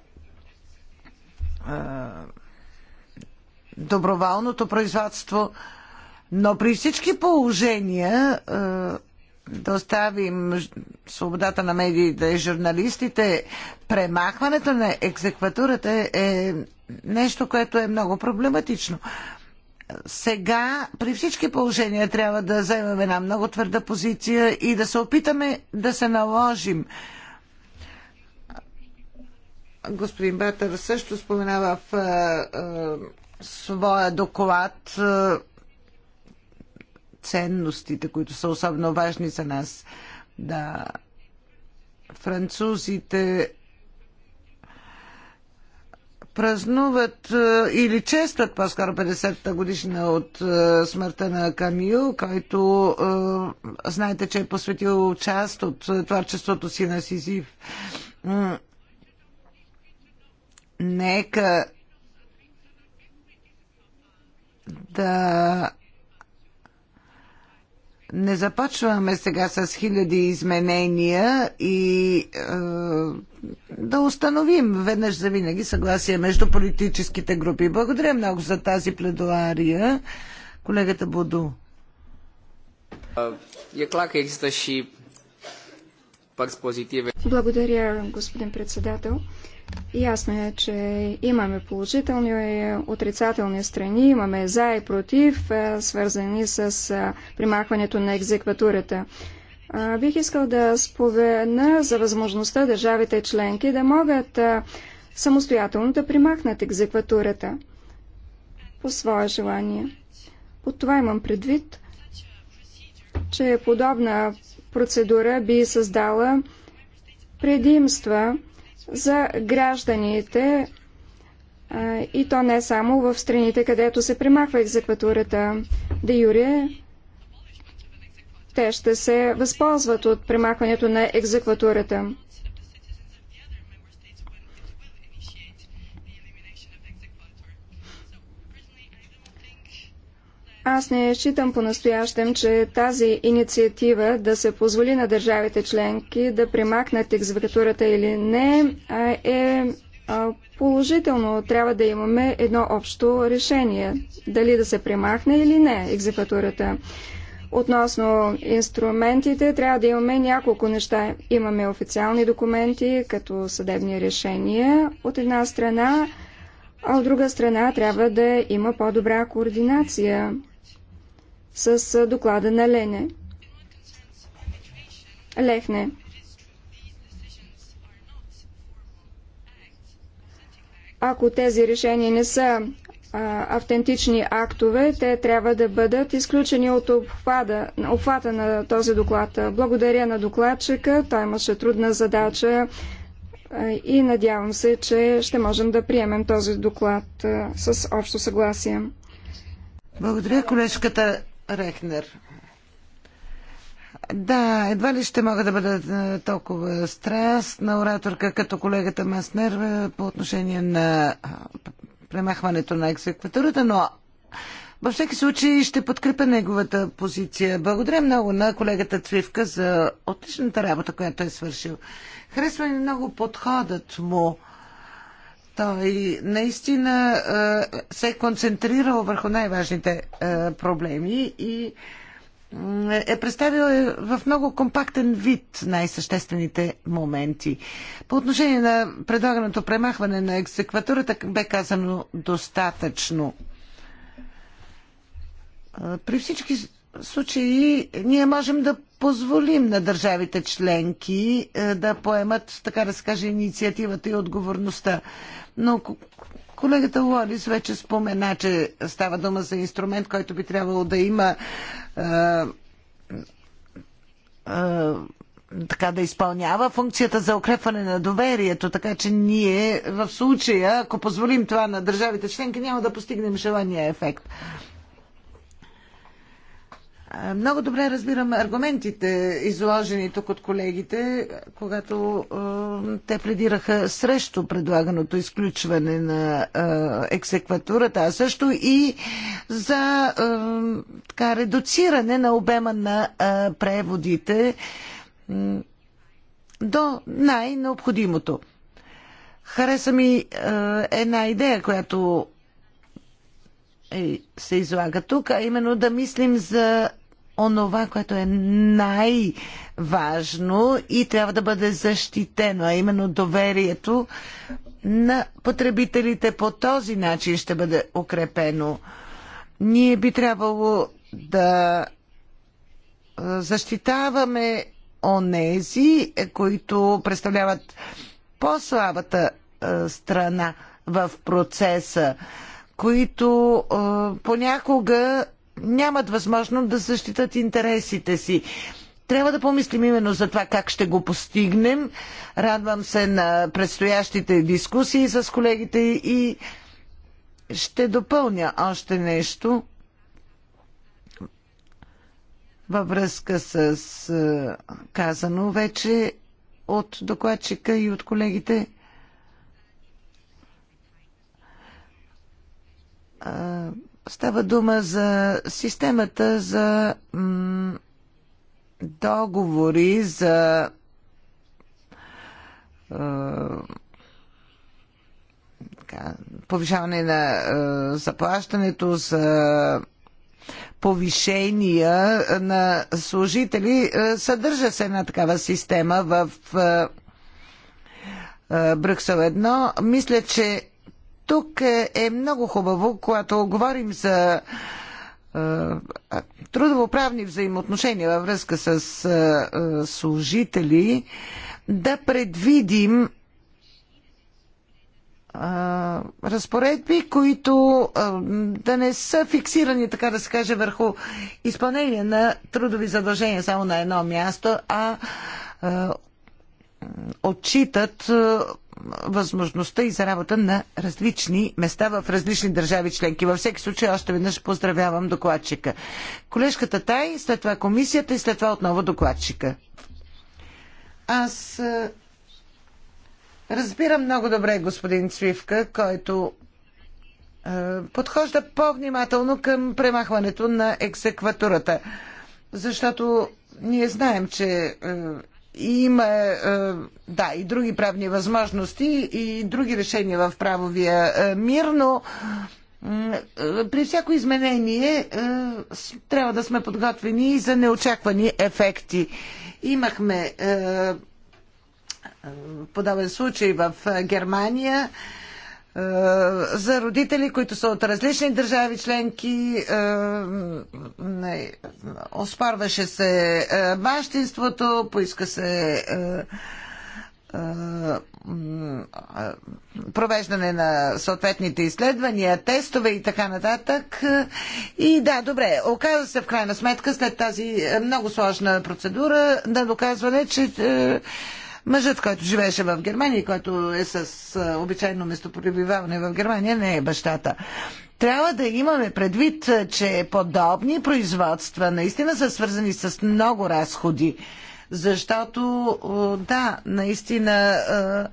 доброволното производство. Но при всички положения е, да оставим свободата на медиите и журналистите, премахването на екзекватурата е нещо, което е много проблематично. Сега при всички положения трябва да вземем една много твърда позиция и да се опитаме да се наложим. Господин Батър също споменава в е, е, своя доклад е, ценностите, които са особено важни за нас. Да, французите празнуват е, или честват по-скоро 50-та годишна от е, смъртта на Камил, който е, знаете, че е посветил част от творчеството си на Сизив. Нека да не започваме сега с хиляди изменения и е, да установим веднъж за винаги съгласие между политическите групи. Благодаря много за тази пледуария. Колегата Буду. Е, е există Благодаря, господин председател. Ясно е, че имаме положителни и отрицателни страни, имаме за и против, е, свързани с е, примахването на екзекватурата. Бих искал да споведна за възможността държавите членки да могат е, самостоятелно да примахнат екзекватурата по свое желание. От това имам предвид, че подобна процедура би създала предимства за гражданите и то не само в страните, където се примахва екзекватурата де юре. Те ще се възползват от примахването на екзекватурата. Аз не считам по-настоящем, че тази инициатива да се позволи на държавите членки да примакнат екзекатурата или не е положително. Трябва да имаме едно общо решение. Дали да се примахне или не екзекатурата. Относно инструментите, трябва да имаме няколко неща. Имаме официални документи, като съдебни решения от една страна, а от друга страна трябва да има по-добра координация с доклада на Лене. Лехне. Ако тези решения не са а, автентични актове, те трябва да бъдат изключени от обхвата, обхвата на този доклад. Благодаря на докладчика, той имаше трудна задача и надявам се, че ще можем да приемем този доклад с общо съгласие. Благодаря колежката Рехнер. Да, едва ли ще мога да бъда е, толкова на ораторка като колегата Маснер е, по отношение на е, премахването на екзекватурата, но във всеки случай ще подкрепя неговата позиция. Благодаря много на колегата Цвивка за отличната работа, която е свършил. Харесва ми много подходът му той наистина е, се е концентрирал върху най-важните е, проблеми и е представил е, в много компактен вид най-съществените моменти. По отношение на предлаганото премахване на екзекватурата бе казано достатъчно. При всички случаи ние можем да позволим на държавите членки е, да поемат, така да се каже, инициативата и отговорността. Но колегата Лорис вече спомена, че става дума за инструмент, който би трябвало да има е, е, така да изпълнява функцията за укрепване на доверието, така че ние в случая, ако позволим това на държавите членки, няма да постигнем желания ефект. Е, много добре разбирам аргументите, изложени тук от колегите, когато е, те предираха срещу предлаганото изключване на е, екзекватурата, а също и за е, така, редуциране на обема на е, преводите до най-необходимото. Хареса ми е, една идея, която е, се излага тук, а именно да мислим за онова, което е най-важно и трябва да бъде защитено, а именно доверието на потребителите по този начин ще бъде укрепено. Ние би трябвало да защитаваме онези, които представляват по-слабата страна в процеса, които понякога нямат възможност да защитат интересите си. Трябва да помислим именно за това как ще го постигнем. Радвам се на предстоящите дискусии с колегите и ще допълня още нещо във връзка с е, казано вече от докладчика и от колегите. Е, Става дума за системата за договори за повишаване на е, заплащането за повишения на служители. Е, съдържа се една такава система в е, Брюксел 1. Мисля, че тук е, е много хубаво, когато говорим за е, трудовоправни взаимоотношения във връзка с е, служители, да предвидим разпоредби, които да не са фиксирани, така да се каже, върху изпълнение на трудови задължения само на едно място, а отчитат е, възможността и за работа на различни места в различни държави членки. Във всеки случай още веднъж поздравявам докладчика. Колежката Тай, след това комисията и след това отново докладчика. Аз е, разбирам много добре господин Цвивка, който е, подхожда по-внимателно към премахването на екзекватурата. Защото ние знаем, че има е, да, и други правни възможности и други решения в правовия е, мир, но е, при всяко изменение трябва да сме подготвени и за неочаквани ефекти. Имахме подобен случай в Германия. Е, за родители, които са от различни държави членки. Е, Оспарваше се е, бащинството, поиска се провеждане на съответните изследвания, тестове и така нататък. И да, добре, оказа се в крайна сметка след тази много сложна процедура на доказване, че Мъжът, който живееше в Германия и който е с обичайно местопребиваване в Германия, не е бащата. Трябва да имаме предвид, че подобни производства наистина са свързани с много разходи, защото да, наистина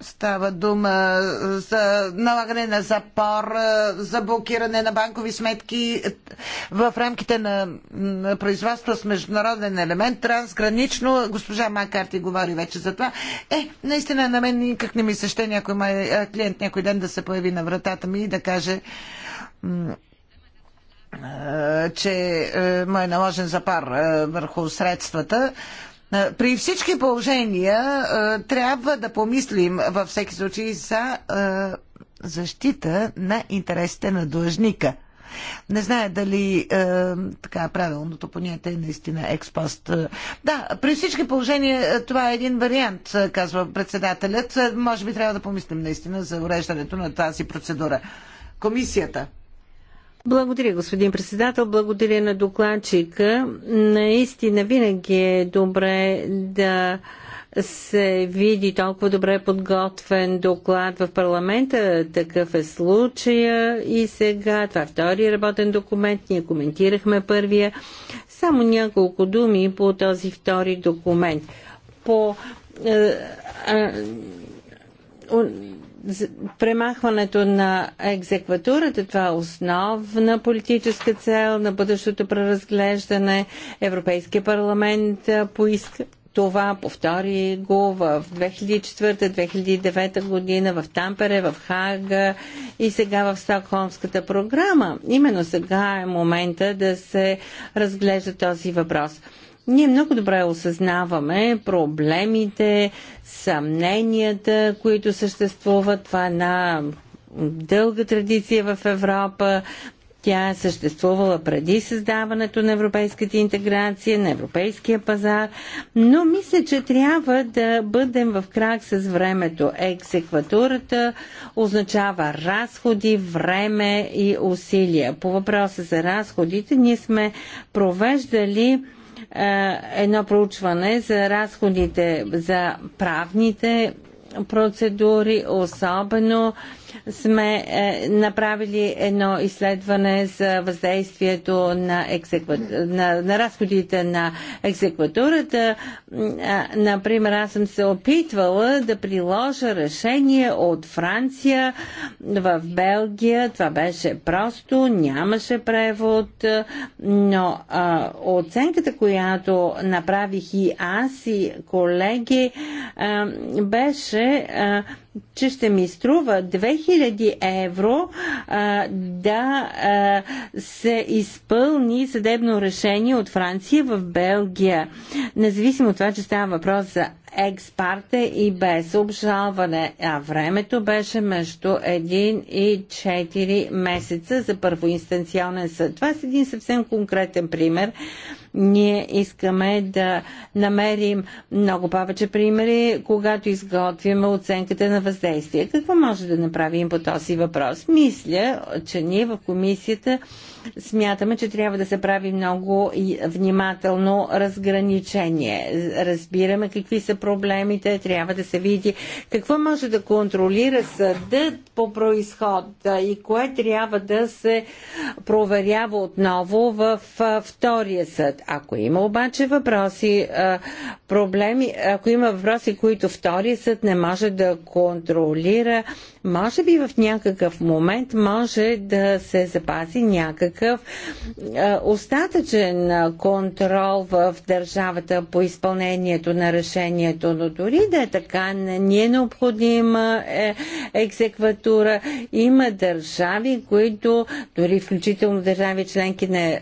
Става дума е, за налагане на запор, е, за блокиране на банкови сметки в рамките на производство с международен елемент, трансгранично. Госпожа Макарти говори вече за това. Е, наистина на мен никак не ми се ще някой май, е, клиент някой ден да се появи на вратата ми и да каже че му е наложен запар върху средствата. При всички положения трябва да помислим във всеки случай за защита на интересите на длъжника. Не знае дали е, така правилното понятие е наистина експост. Да, при всички положения това е един вариант, казва председателят. Може би трябва да помислим наистина за уреждането на тази процедура. Комисията. Благодаря, господин председател. Благодаря на докладчика. Наистина винаги е добре да се види толкова добре подготвен доклад в парламента. Такъв е случая и сега. Това е втори работен документ. Ние коментирахме първия. Само няколко думи по този втори документ. По е, е, премахването на екзекватурата, това е основна политическа цел на бъдещото преразглеждане. Европейския парламент поиска това, повтори го в 2004-2009 година в Тампере, в Хага и сега в Стокхолмската програма. Именно сега е момента да се разглежда този въпрос. Ние много добре осъзнаваме проблемите, съмненията, които съществуват. Това е една дълга традиция в Европа. Тя е съществувала преди създаването на европейската интеграция, на европейския пазар, но мисля, че трябва да бъдем в крак с времето. Екзекватурата означава разходи, време и усилия. По въпроса за разходите ние сме провеждали е, едно проучване за разходите за правните процедури, особено а, сме е, направили едно изследване за въздействието на, екзеква... на, на разходите на екзекватурата. Например, аз съм се опитвала да приложа решение от Франция в Белгия. Това беше просто, нямаше превод, но а, оценката, която направих и аз и колеги, а, беше а, че ще ми струва 2000 евро а, да а, се изпълни съдебно решение от Франция в Белгия. Независимо от това, че става въпрос за експарте и без обжалване, а времето беше между 1 и 4 месеца за първоинстанционен съд. Това е един съвсем конкретен пример ние искаме да намерим много повече примери, когато изготвяме оценката на въздействие. Какво може да направим по този въпрос? Мисля, че ние в комисията смятаме, че трябва да се прави много внимателно разграничение. Разбираме какви са проблемите, трябва да се види какво може да контролира съдът по происход и кое трябва да се проверява отново в втория съд. Ако има обаче въпроси, проблеми, ако има въпроси, които втория съд не може да контролира, може би в някакъв момент може да се запази някакъв такъв остатъчен контрол в държавата по изпълнението на решението, но дори да е така, не е необходима е, екзекватура. Има държави, които дори включително държави членки на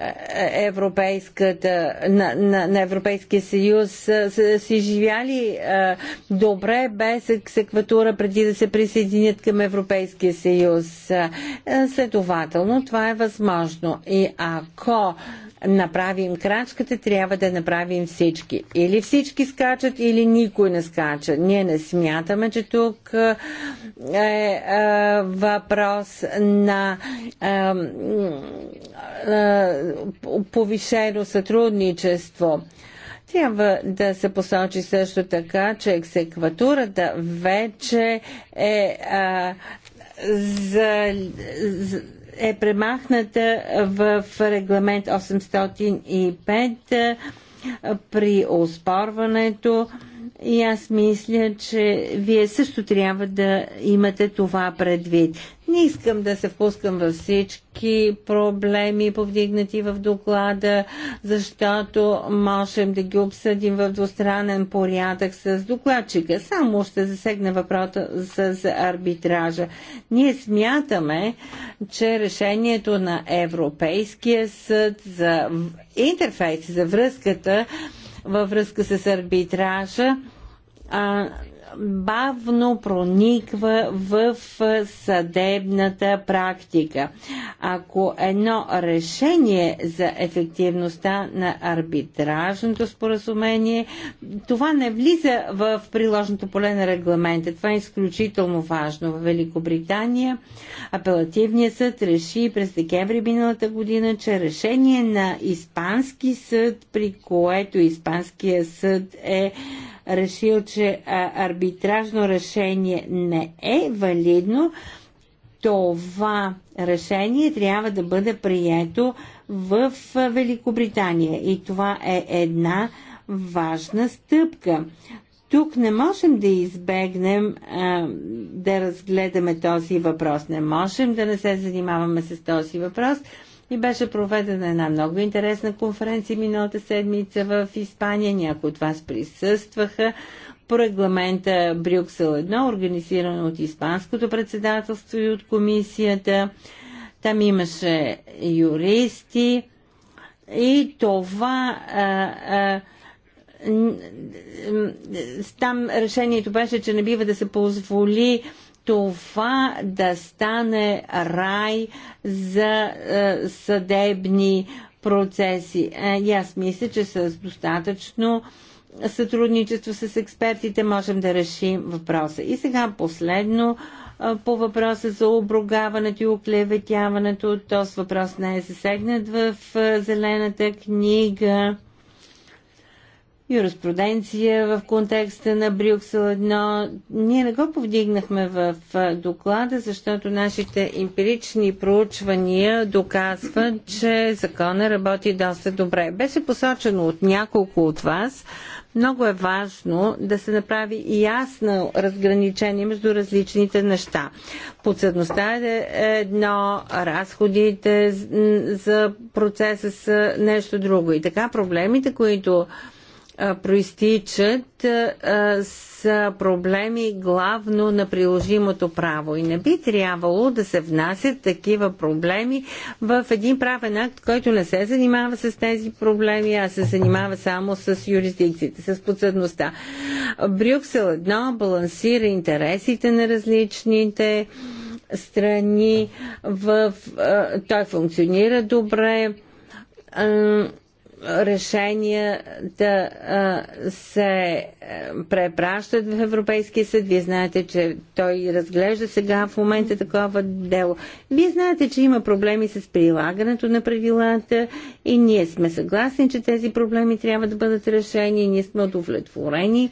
е, европейската, на, на, на Европейския съюз са, са, са живяли е, добре без екзекватура преди да се присъединят към Европейския съюз. Е, следователно, това е възможно. И ако направим крачката, трябва да направим всички. Или всички скачат, или никой не скача. Ние не смятаме, че тук е, е въпрос на е, е, повишено сътрудничество. Трябва да се посочи също така, че екзекватурата вече е е за, за е премахната в регламент 805 при оспорването и аз мисля, че вие също трябва да имате това предвид. Не искам да се впускам във всички проблеми, повдигнати в доклада, защото можем да ги обсъдим в двустранен порядък с докладчика. Само ще засегна въпроса с арбитража. Ние смятаме, че решението на Европейския съд за интерфейс, за връзката във връзка с арбитража. А, бавно прониква в съдебната практика. Ако едно решение за ефективността на арбитражното споразумение, това не влиза в приложното поле на регламента. Това е изключително важно. В Великобритания апелативният съд реши през декември миналата година, че решение на испански съд, при което испанския съд е решил, че арбитражно решение не е валидно, това решение трябва да бъде прието в Великобритания. И това е една важна стъпка. Тук не можем да избегнем а, да разгледаме този въпрос. Не можем да не се занимаваме с този въпрос, и беше проведена една много интересна конференция миналата седмица в Испания. Някои от вас присъстваха по регламента Брюксел 1, организирано от Испанското председателство и от комисията. Там имаше юристи и това а, а, там решението беше, че не бива да се позволи това да стане рай за е, съдебни процеси. Е, и аз мисля, че с достатъчно сътрудничество с експертите можем да решим въпроса. И сега последно е, по въпроса за обругаването и оклеветяването. Този въпрос не е засегнат в е, Зелената книга юриспруденция в контекста на Брюксел 1. Ние не го повдигнахме в доклада, защото нашите емпирични проучвания доказват, че закона работи доста добре. Беше посочено от няколко от вас, много е важно да се направи ясно разграничение между различните неща. Подсъдността е едно, разходите за процеса са нещо друго. И така проблемите, които проистичат с проблеми главно на приложимото право и не би трябвало да се внасят такива проблеми в един правен акт, който не се занимава с тези проблеми, а се занимава само с юрисдикциите, с подсъдността. Брюксел едно балансира интересите на различните страни, в, той функционира добре решения да се е, препращат в Европейския съд. Вие знаете, че той разглежда сега в момента такова дело. Вие знаете, че има проблеми с прилагането на правилата и ние сме съгласни, че тези проблеми трябва да бъдат решени. Ние сме удовлетворени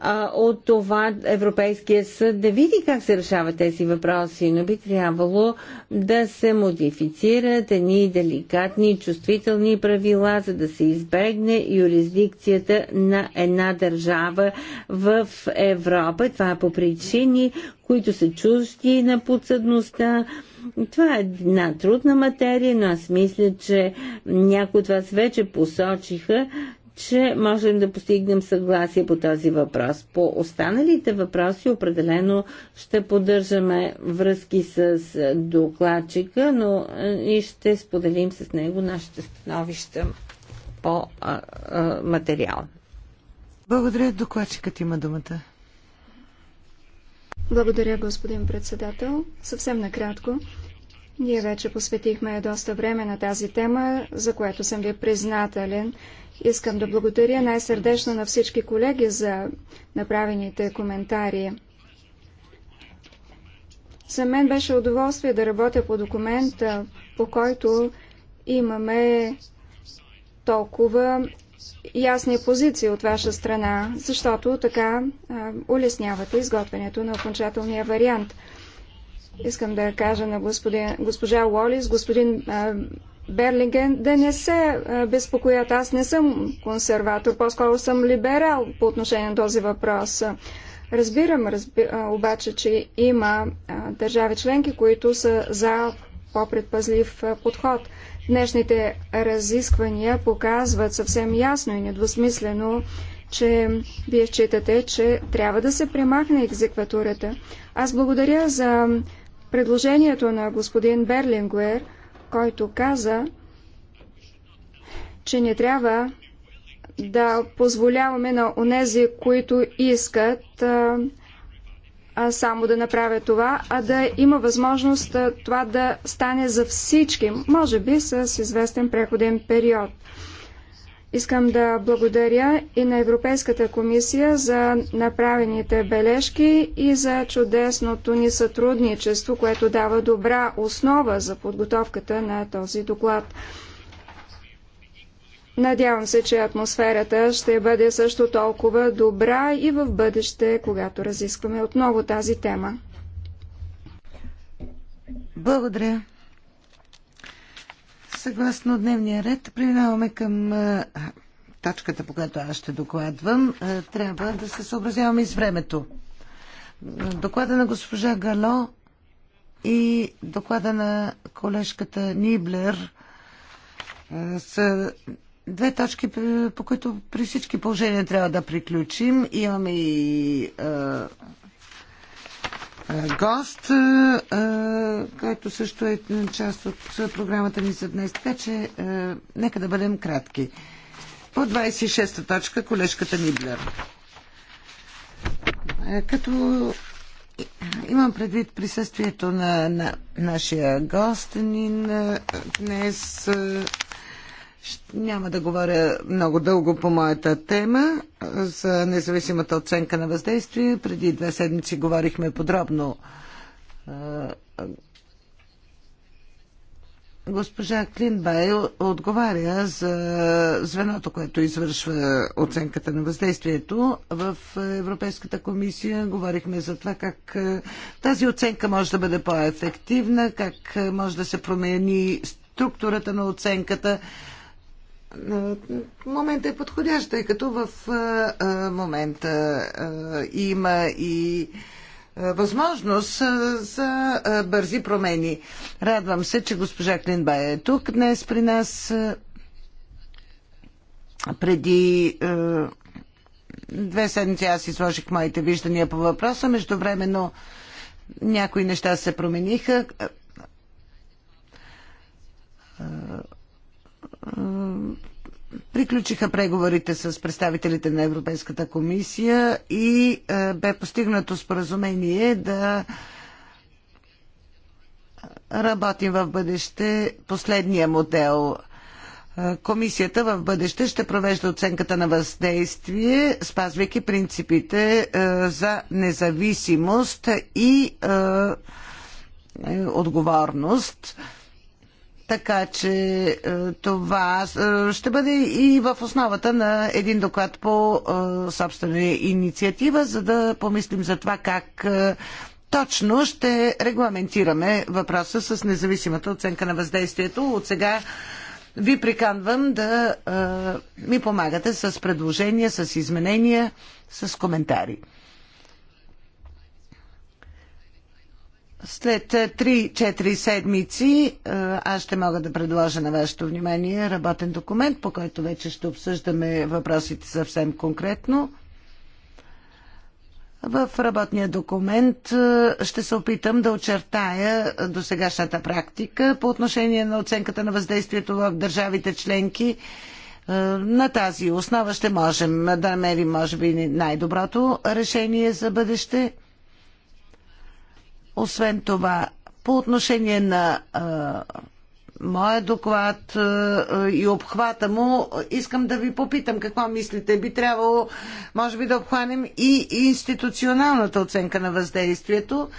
а, от това Европейския съд да види как се решават тези въпроси, но би трябвало да се модифицират едни деликатни, чувствителни правила правила, за да се избегне юрисдикцията на една държава в Европа. Това е по причини, които са чужди на подсъдността. Това е една трудна материя, но аз мисля, че някои от вас вече посочиха, че можем да постигнем съгласие по този въпрос. По останалите въпроси определено ще поддържаме връзки с докладчика, но е, и ще споделим с него нашите становища по а, а, материал. Благодаря, докладчикът има думата. Благодаря, господин председател. Съвсем накратко. Ние вече посветихме доста време на тази тема, за което съм ви признателен. Искам да благодаря най-сърдечно на всички колеги за направените коментари. За мен беше удоволствие да работя по документа, по който имаме толкова ясни позиции от ваша страна, защото така а, улеснявате изготвянето на окончателния вариант. Искам да кажа на господин, госпожа Уолис, господин а, Берлинген да не се безпокоят. Аз не съм консерватор, по-скоро съм либерал по отношение на този въпрос. Разбирам разби... обаче, че има държави членки, които са за по-предпазлив подход. Днешните разисквания показват съвсем ясно и недвусмислено, че вие считате, че трябва да се премахне екзекватурата. Аз благодаря за предложението на господин Берлингуер – който каза, че не трябва да позволяваме на онези, които искат а, а само да направят това, а да има възможност а, това да стане за всички, може би с известен преходен период. Искам да благодаря и на Европейската комисия за направените бележки и за чудесното ни сътрудничество, което дава добра основа за подготовката на този доклад. Надявам се, че атмосферата ще бъде също толкова добра и в бъдеще, когато разискваме отново тази тема. Благодаря. Съгласно дневния ред, преминаваме към точката, по която аз ще докладвам. Трябва да се съобразяваме и с времето. Доклада на госпожа Гало и доклада на колежката Ниблер са две точки, по които при всички положения трябва да приключим. Имаме и гост, който също е част от програмата ни за днес. Така че нека да бъдем кратки. По 26-та точка колежката Ниблер. Като имам предвид присъствието на, на нашия гост днес, няма да говоря много дълго по моята тема за независимата оценка на въздействие. Преди две седмици говорихме подробно. Госпожа Клинбай, отговаря за звеното, което извършва оценката на въздействието в Европейската комисия. Говорихме за това как тази оценка може да бъде по-ефективна, как може да се промени структурата на оценката. Е, момента е подходящ, тъй като в е, е, момента има и възможност за бързи промени. Радвам се, че госпожа Клинбай е тук днес при нас преди две седмици аз изложих моите виждания по въпроса. Междувременно някои неща се промениха. приключиха преговорите с представителите на Европейската комисия и е, бе постигнато споразумение да е, работим в бъдеще последния модел. Е, комисията в бъдеще ще провежда оценката на въздействие, спазвайки принципите за независимост и отговорност. Така че е, това е, ще бъде и в основата на един доклад по е, собствена инициатива, за да помислим за това как точно ще регламентираме въпроса с независимата оценка на въздействието. От сега ви приканвам да ми помагате с предложения, с изменения, с коментари. След 3-4 е, седмици е, аз ще мога да предложа на вашето внимание работен документ, по който вече ще обсъждаме въпросите съвсем конкретно. В работния документ е, ще се опитам да очертая до сегашната практика по отношение на оценката на въздействието в държавите членки. На тази основа ще можем да намерим, може би, най-доброто решение за бъдеще. Освен това, по отношение на а, моя доклад а, и обхвата му, искам да ви попитам какво мислите. Би трябвало, може би, да обхванем и институционалната оценка на въздействието.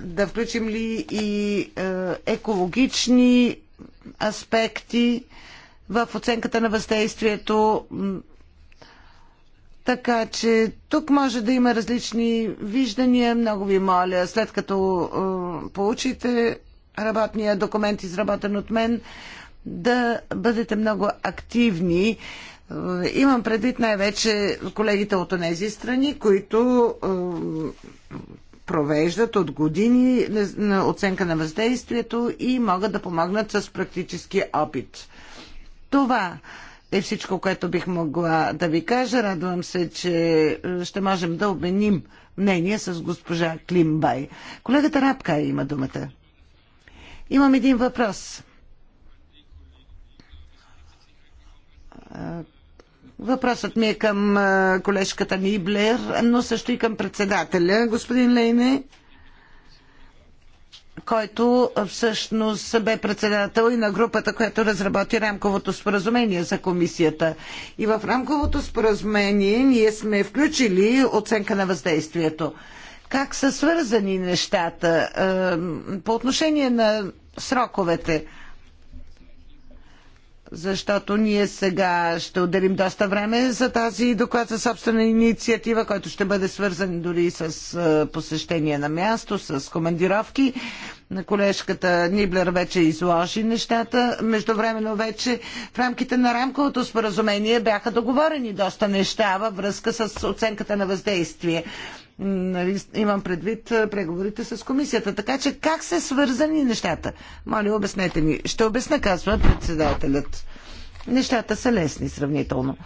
Да включим ли и а, екологични аспекти в оценката на въздействието? Така че тук може да има различни виждания. Много ви моля, след като е, получите работния документ, изработен от мен, да бъдете много активни. Е, имам предвид най-вече колегите от тези страни, които е, провеждат от години на оценка на въздействието и могат да помогнат с практически опит. Това е всичко, което бих могла да ви кажа. Радвам се, че е, ще можем да обменим мнение с госпожа Климбай. Колегата Рапка има думата. Имам един въпрос. Е, въпросът ми е към е, колежката Ниблер, но също и към председателя. Господин Лейне, който всъщност бе председател и на групата, която разработи рамковото споразумение за комисията. И в рамковото споразумение ние сме включили оценка на въздействието. Как са свързани нещата по отношение на сроковете? защото ние сега ще отделим доста време за тази доклад за собствена инициатива, който ще бъде свързан дори с посещение на място, с командировки. На колежката Ниблер вече изложи нещата. Междувременно вече в рамките на рамковото споразумение бяха договорени доста неща във връзка с оценката на въздействие. Нали, имам предвид преговорите с комисията. Така че как са свързани нещата? Моля, обяснете ми. Ще обясна, казва председателят. Нещата са лесни сравнително.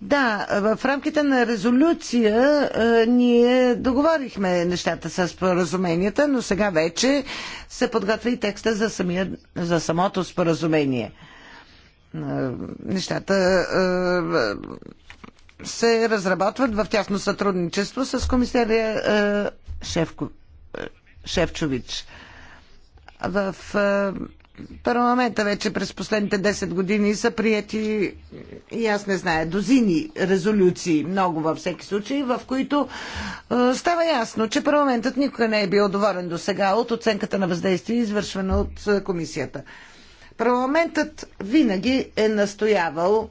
Да, в рамките на резолюция а, ние договорихме нещата с споразуменията, но сега вече се подготвя и текста за, самия, за самото споразумение. А, нещата се разработват в тясно сътрудничество с комисария е, е, Шевчович. В е, парламента вече през последните 10 години са прияти, и аз не знае, дозини резолюции, много във всеки случай, в които е, става ясно, че парламентът никога не е бил доволен до сега от оценката на въздействие, извършвана от е, комисията. Парламентът винаги е настоявал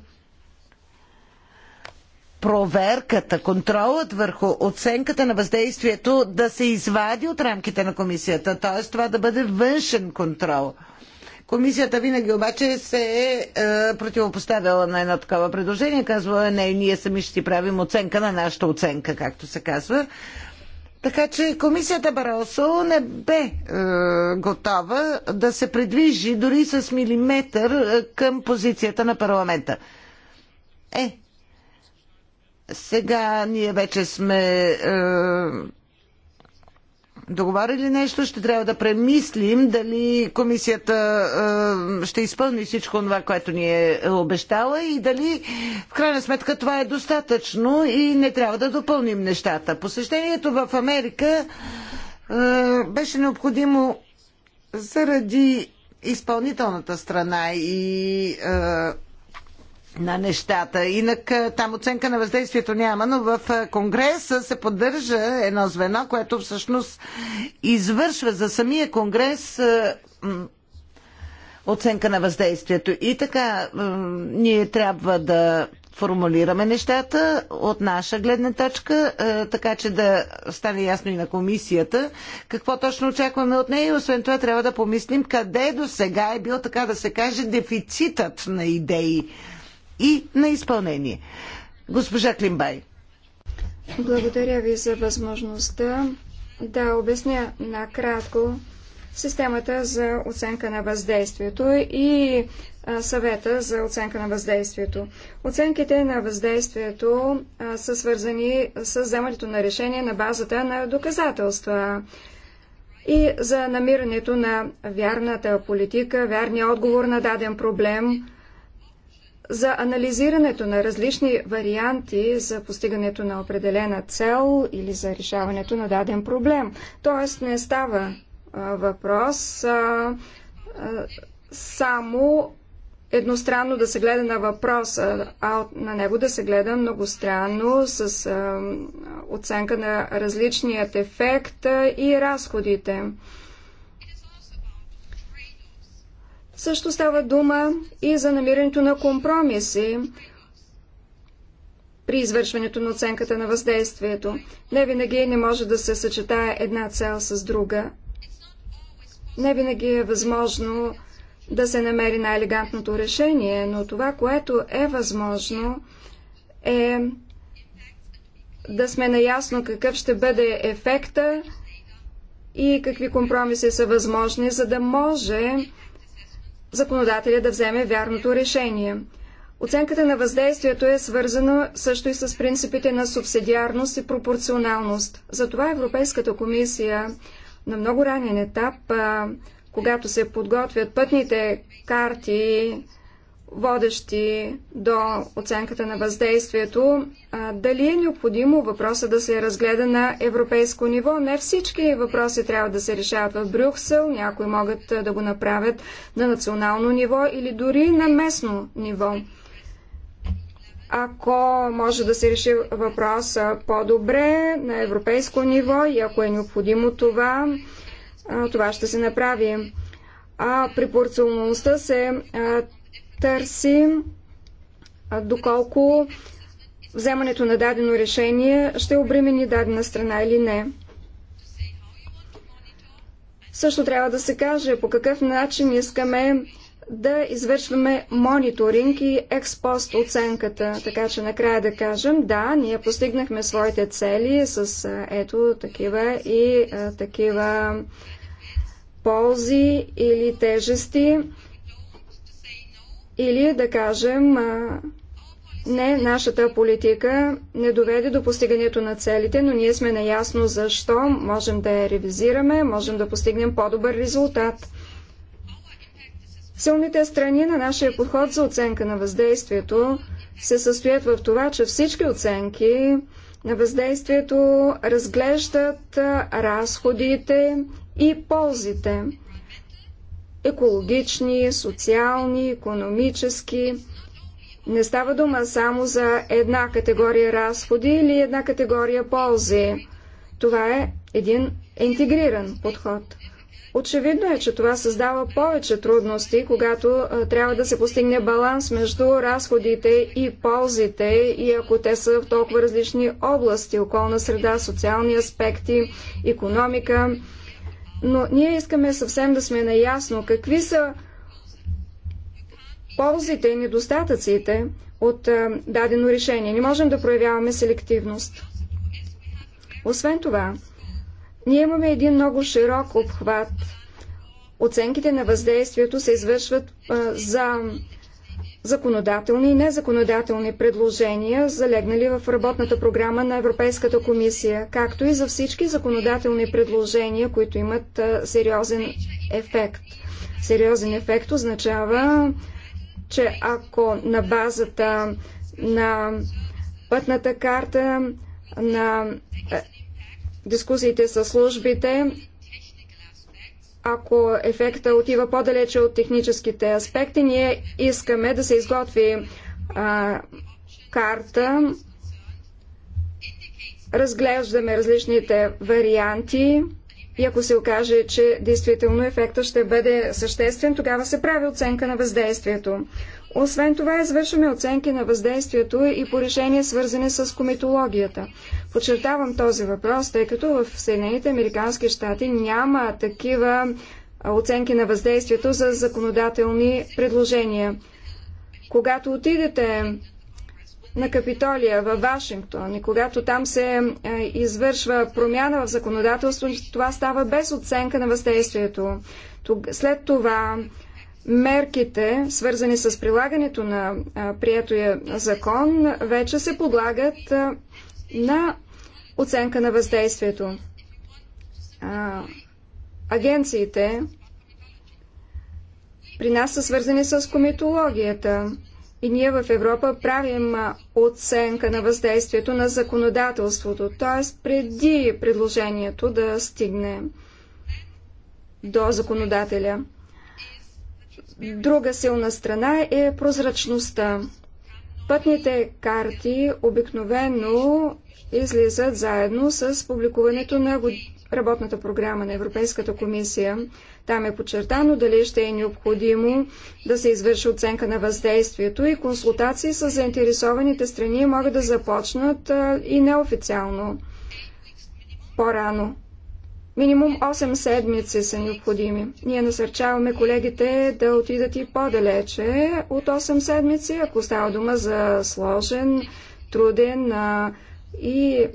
проверката, контролът върху оценката на въздействието да се извади от рамките на комисията, т.е. това да бъде външен контрол. Комисията винаги обаче се е, е противопоставяла на едно такова предложение, казвала «Е, не, ние сами ще си правим оценка на нашата оценка, както се казва. Така че комисията Баросо не бе е, готова да се придвижи дори с милиметър е, към позицията на парламента. Е, сега ние вече сме е, договорили нещо, ще трябва да премислим дали комисията е, ще изпълни всичко това, което ни е обещала и дали в крайна сметка това е достатъчно и не трябва да допълним нещата. Посещението в Америка е, беше необходимо заради изпълнителната страна и е, на нещата. Инак там оценка на въздействието няма, но в Конгреса се поддържа едно звено, което всъщност извършва за самия Конгрес оценка на въздействието. И така, ние трябва да формулираме нещата от наша гледна точка, така че да стане ясно и на комисията какво точно очакваме от нея. И освен това трябва да помислим къде до сега е бил, така да се каже, дефицитът на идеи и на изпълнение. Госпожа Климбай. Благодаря ви за възможността да обясня накратко системата за оценка на въздействието и съвета за оценка на въздействието. Оценките на въздействието са свързани с вземането на решение на базата на доказателства и за намирането на вярната политика, вярния отговор на даден проблем – за анализирането на различни варианти за постигането на определена цел или за решаването на даден проблем. Тоест не става а, въпрос а, а, само едностранно да се гледа на въпроса, а на него да се гледа многостранно с а, оценка на различният ефект и разходите. Също става дума и за намирането на компромиси при извършването на оценката на въздействието. Не винаги не може да се съчетае една цел с друга. Не винаги е възможно да се намери най-елегантното решение, но това, което е възможно, е да сме наясно какъв ще бъде ефекта и какви компромиси са възможни, за да може законодателя да вземе вярното решение. Оценката на въздействието е свързана също и с принципите на субсидиарност и пропорционалност. Затова Европейската комисия на много ранен етап, когато се подготвят пътните карти водещи до оценката на въздействието, дали е необходимо въпроса да се разгледа на европейско ниво. Не всички въпроси трябва да се решават в Брюксел, някои могат да го направят на национално ниво или дори на местно ниво. Ако може да се реши въпроса по-добре на европейско ниво и ако е необходимо това, това ще се направи а порционалността се а, търсим доколко вземането на дадено решение ще обремени дадена страна или не. Също трябва да се каже по какъв начин искаме да извършваме мониторинг и експост оценката. Така че накрая да кажем, да, ние постигнахме своите цели с ето такива и а, такива ползи или тежести. Или да кажем, не, нашата политика не доведе до постигането на целите, но ние сме наясно защо можем да я ревизираме, можем да постигнем по-добър резултат. Силните страни на нашия подход за оценка на въздействието се състоят в това, че всички оценки на въздействието разглеждат разходите и ползите екологични, социални, економически. Не става дума само за една категория разходи или една категория ползи. Това е един интегриран подход. Очевидно е, че това създава повече трудности, когато трябва да се постигне баланс между разходите и ползите и ако те са в толкова различни области – околна среда, социални аспекти, економика, но ние искаме съвсем да сме наясно какви са ползите и недостатъците от е, дадено решение. Не можем да проявяваме селективност. Освен това, ние имаме един много широк обхват. Оценките на въздействието се извършват а, е, за законодателни и незаконодателни предложения, залегнали в работната програма на Европейската комисия, както и за всички законодателни предложения, които имат сериозен ефект. Сериозен ефект означава, че ако на базата на пътната карта, на е, дискусиите с службите ако ефекта отива по-далече от техническите аспекти, ние искаме да се изготви а, карта. Разглеждаме различните варианти и ако се окаже, че действително ефекта ще бъде съществен, тогава се прави оценка на въздействието. Освен това, извършваме оценки на въздействието и по решения, свързани с комитологията. Подчертавам този въпрос, тъй като в Съединените Американски щати няма такива оценки на въздействието за законодателни предложения. Когато отидете на Капитолия във Вашингтон и когато там се извършва промяна в законодателството, това става без оценка на въздействието. След това мерките, свързани с прилагането на приятоя закон, вече се подлагат на оценка на въздействието. Агенциите при нас са свързани с комитологията. И ние в Европа правим оценка на въздействието на законодателството, т.е. преди предложението да стигне до законодателя. Друга силна страна е прозрачността. Пътните карти обикновено излизат заедно с публикуването на работната програма на Европейската комисия. Там е подчертано дали ще е необходимо да се извърши оценка на въздействието и консултации с заинтересованите страни могат да започнат и неофициално по-рано. Минимум 8 седмици са необходими. Ние насърчаваме колегите да отидат и по-далече от 8 седмици, ако става дума за сложен, труден и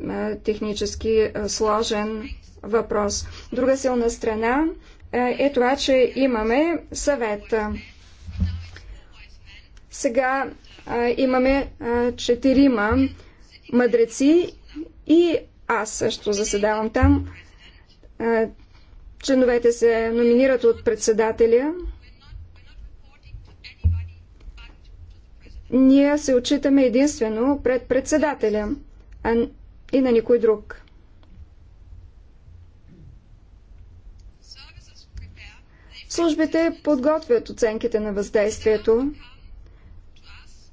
технически сложен въпрос. Друга силна страна е това, че имаме съвет. Сега имаме четирима мъдреци и аз също заседавам там. Членовете се номинират от председателя. Ние се отчитаме единствено пред председателя а и на никой друг. Службите подготвят оценките на въздействието.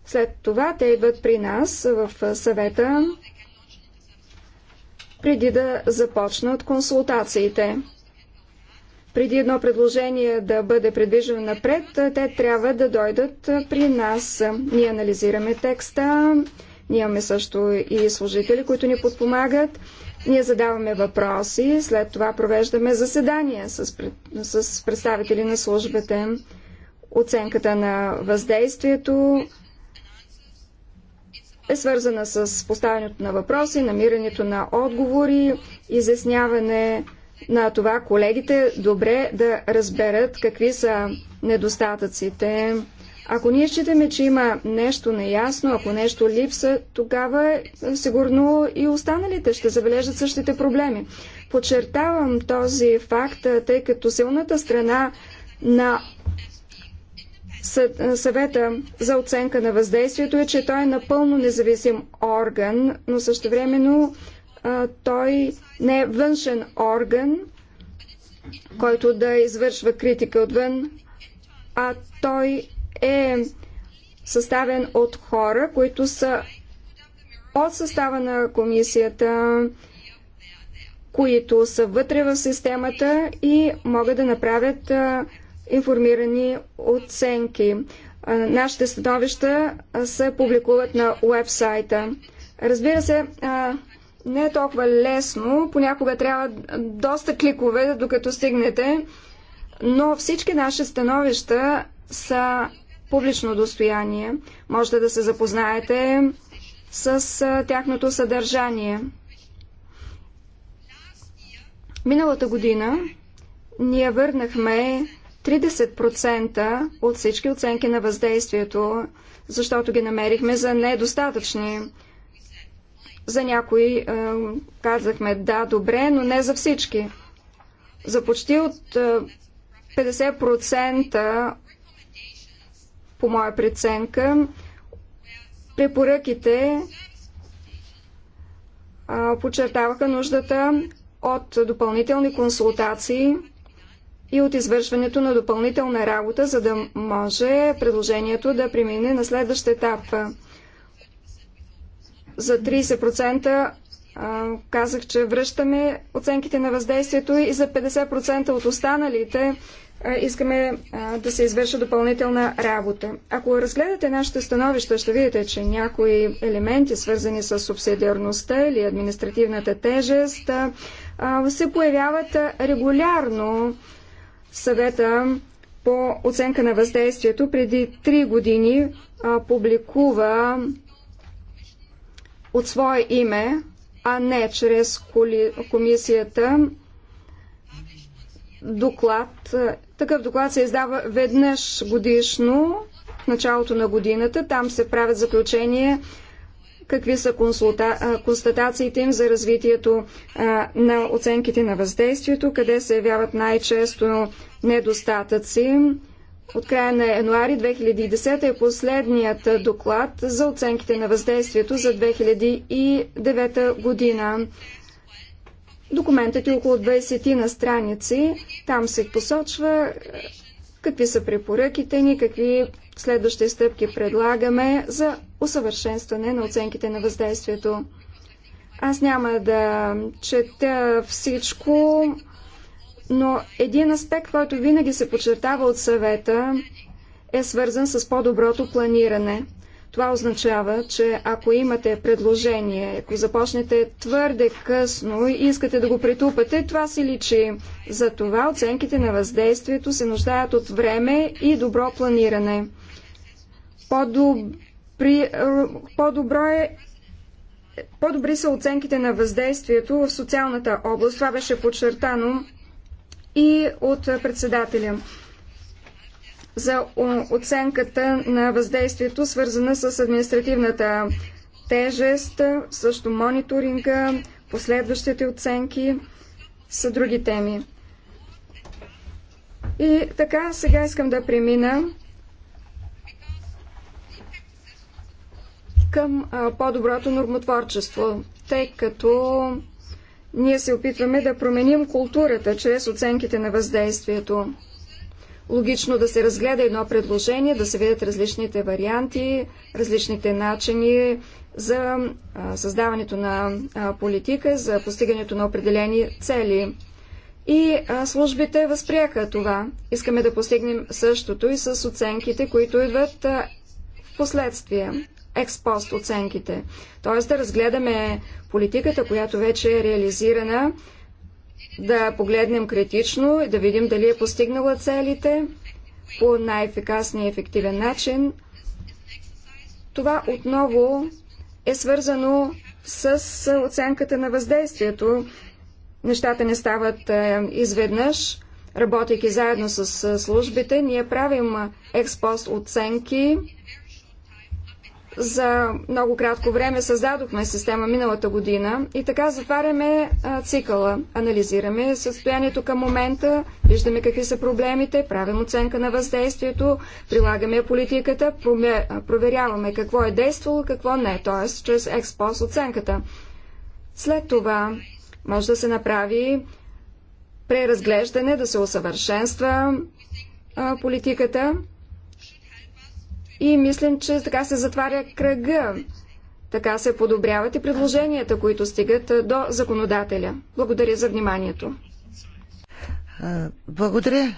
След това те идват при нас в съвета преди да започнат консултациите. Преди едно предложение да бъде предвижено напред, те трябва да дойдат при нас. Ние анализираме текста, ние имаме също и служители, които ни подпомагат. Ние задаваме въпроси, след това провеждаме заседания с, с представители на службите. Оценката на въздействието, е свързана с поставянето на въпроси, намирането на отговори, изясняване на това колегите добре да разберат какви са недостатъците. Ако ние считаме, че има нещо неясно, ако нещо липса, тогава сигурно и останалите ще забележат същите проблеми. Подчертавам този факт, тъй като силната страна на съвета за оценка на въздействието е, че той е напълно независим орган, но същевременно той не е външен орган, който да извършва критика отвън, а той е съставен от хора, които са от състава на комисията, които са вътре в системата и могат да направят информирани оценки. Нашите становища се публикуват на уебсайта. Разбира се, не е толкова лесно, понякога трябва доста кликове, докато стигнете, но всички наши становища са публично достояние. Можете да се запознаете с тяхното съдържание. Миналата година ние върнахме 30% от всички оценки на въздействието, защото ги намерихме за недостатъчни. За някои е, казахме да, добре, но не за всички. За почти от 50% е, по моя преценка, препоръките е, подчертаваха нуждата от допълнителни консултации и от извършването на допълнителна работа, за да може предложението да премине на следващ етап. За 30% казах, че връщаме оценките на въздействието и за 50% от останалите искаме да се извърши допълнителна работа. Ако разгледате нашите становища, ще видите, че някои елементи, свързани с субсидиарността или административната тежест, се появяват регулярно съвета по оценка на въздействието преди 3 години а, публикува от свое име, а не чрез коли... комисията доклад. Такъв доклад се издава веднъж годишно в началото на годината. Там се правят заключения какви са консулта... констатациите им за развитието а, на оценките на въздействието, къде се явяват най-често недостатъци. От края на януари 2010 е последният доклад за оценките на въздействието за 2009 година. Документът е около 20 на страници. Там се посочва какви са препоръките ни, какви следващи стъпки предлагаме за усъвършенстване на оценките на въздействието. Аз няма да чета всичко, но един аспект, който винаги се подчертава от съвета, е свързан с по-доброто планиране. Това означава, че ако имате предложение, ако започнете твърде късно и искате да го притупате, това се личи. За това оценките на въздействието се нуждаят от време и добро планиране. По-добри, е, по-добро е по-добри са оценките на въздействието в социалната област. Това беше подчертано и от председателя за оценката на въздействието, свързана с административната тежест, също мониторинга, последващите оценки са други теми. И така, сега искам да премина към по-доброто нормотворчество, тъй като ние се опитваме да променим културата чрез оценките на въздействието. Логично да се разгледа едно предложение, да се видят различните варианти, различните начини за създаването на политика, за постигането на определени цели. И службите възприеха това. Искаме да постигнем същото и с оценките, които идват в последствие експост оценките. Тоест да разгледаме политиката, която вече е реализирана, да погледнем критично и да видим дали е постигнала целите по най-ефикасния и ефективен начин. Това отново е свързано с оценката на въздействието. Нещата не стават е, изведнъж. Работейки заедно с е, службите, ние правим експост оценки за много кратко време създадохме система миналата година и така затваряме цикъла. Анализираме състоянието към момента, виждаме какви са проблемите, правим оценка на въздействието, прилагаме политиката, проверяваме какво е действало, какво не, т.е. чрез експос оценката. След това може да се направи преразглеждане, да се усъвършенства политиката, и мислим, че така се затваря кръга. Така се подобряват и предложенията, които стигат до законодателя. Благодаря за вниманието. Благодаря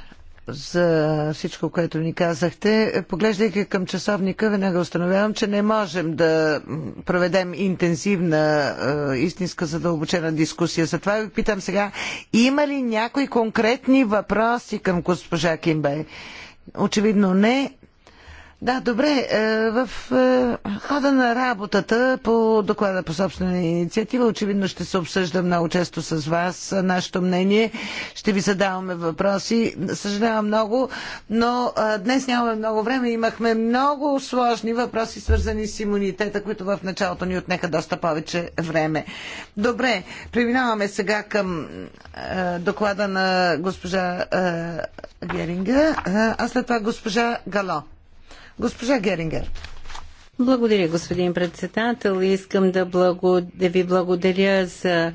за всичко, което ни казахте. Поглеждайки към часовника, веднага установявам, че не можем да проведем интензивна, истинска, задълбочена дискусия. Затова ви питам сега, има ли някои конкретни въпроси към госпожа Кимбей? Очевидно не. Да, добре. Е, в е, хода на работата по доклада по собствена инициатива очевидно ще се обсъжда много често с вас е, нашето мнение. Ще ви задаваме въпроси. Съжалявам много, но днес нямаме много време. Имахме много сложни въпроси, свързани с имунитета, които в началото ни отнеха доста повече време. Добре, преминаваме сега към доклада на госпожа Геринга, а след това госпожа Гало. Госпожа Герингер. Благодаря, господин председател. Искам да, благо... да ви благодаря за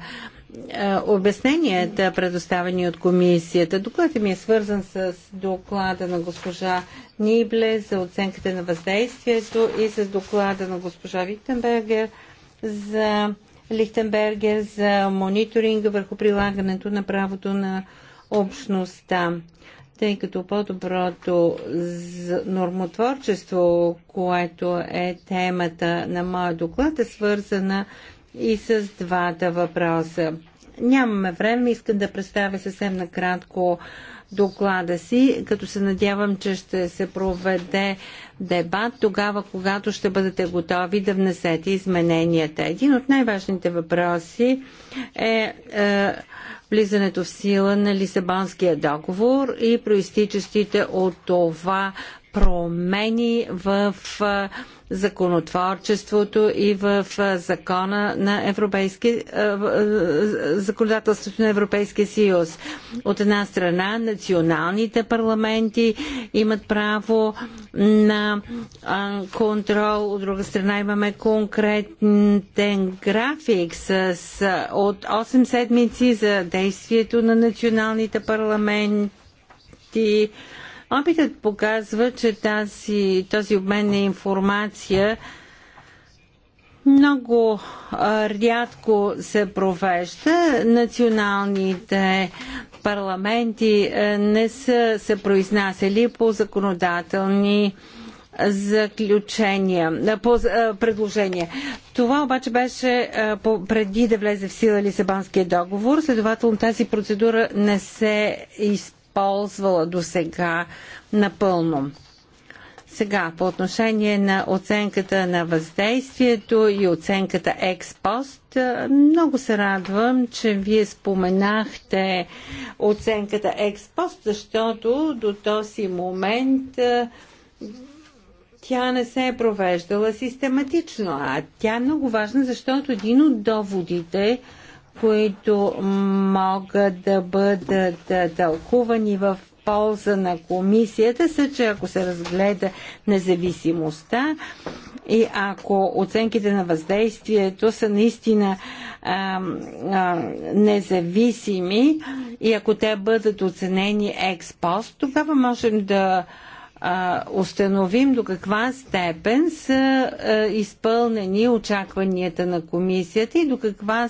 обясненията, предоставени от комисията. Докладът ми е свързан с доклада на госпожа Нибле за оценката на въздействието и с доклада на госпожа Виктенбергер за Лихтенбергер за мониторинга върху прилагането на правото на общността тъй като по-доброто нормотворчество, което е темата на моя доклад, е свързана и с двата въпроса. Нямаме време, искам да представя съвсем накратко доклада си, като се надявам, че ще се проведе дебат тогава, когато ще бъдете готови да внесете измененията. Един от най-важните въпроси е, е влизането в сила на Лисабонския договор и проистичащите от това промени в а, законотворчеството и в закона на европейски, законодателството на Европейския съюз. От една страна, националните парламенти имат право на контрол, от друга страна имаме конкретен график с, от 8 седмици за действието на националните парламенти, Опитът показва, че тази, този обмен на информация много рядко се провежда. Националните парламенти не са се произнасяли по законодателни заключения, по предложения. Това обаче беше преди да влезе в сила Лисабонския договор, следователно тази процедура не се използва използвала до сега напълно. Сега, по отношение на оценката на въздействието и оценката експост, е, много се радвам, че вие споменахте оценката експост, защото до този момент е, тя не се е провеждала систематично, а тя е много важна, защото един от доводите, които могат да бъдат тълкувани в полза на комисията са, че ако се разгледа независимостта и ако оценките на въздействието са наистина а, а, независими и ако те бъдат оценени експост, тогава можем да а, установим до каква степен са а, изпълнени очакванията на комисията и до каква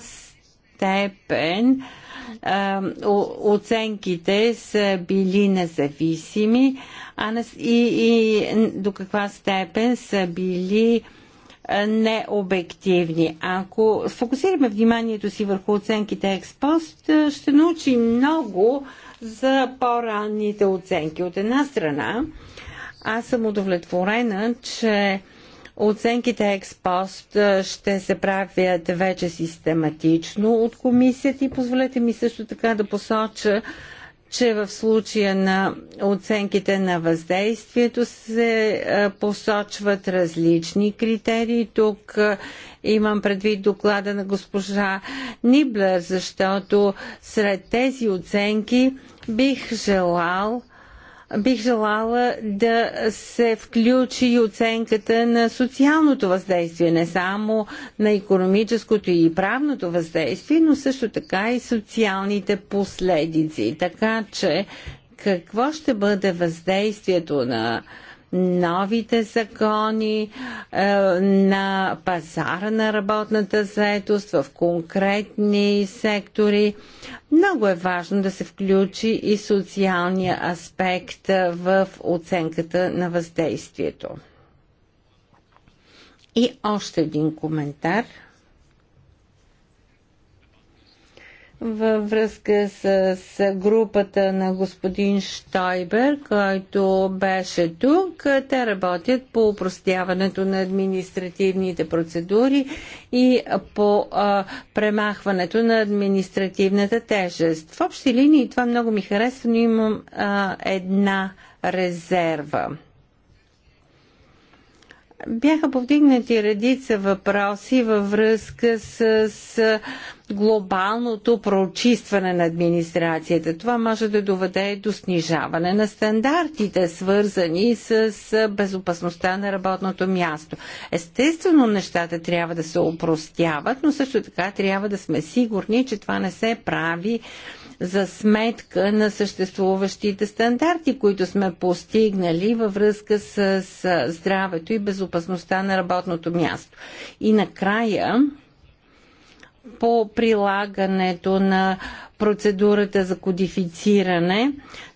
степен оценките са били независими а и, и до каква степен са били необективни. Ако сфокусираме вниманието си върху оценките експост, ще научим много за по-ранните оценки. От една страна, аз съм удовлетворена, че Оценките експост ще се правят вече систематично от комисията и позволете ми също така да посоча, че в случая на оценките на въздействието се посочват различни критерии. Тук имам предвид доклада на госпожа Ниблер, защото сред тези оценки бих желал бих желала да се включи и оценката на социалното въздействие, не само на економическото и правното въздействие, но също така и социалните последици. Така че какво ще бъде въздействието на новите закони е, на пазара на работната заетост в конкретни сектори. Много е важно да се включи и социалния аспект в оценката на въздействието. И още един коментар – във връзка с, с групата на господин Штойбер, който беше тук. Те работят по упростяването на административните процедури и по а, премахването на административната тежест. В общи линии това много ми харесва, но имам а, една резерва. Бяха повдигнати редица въпроси във връзка с, глобалното прочистване на администрацията. Това може да доведе до снижаване на стандартите, свързани с безопасността на работното място. Естествено, нещата трябва да се опростяват, но също така трябва да сме сигурни, че това не се прави за сметка на съществуващите стандарти, които сме постигнали във връзка с, здравето и безопасността на работното място. И накрая, по прилагането на процедурата за кодифициране,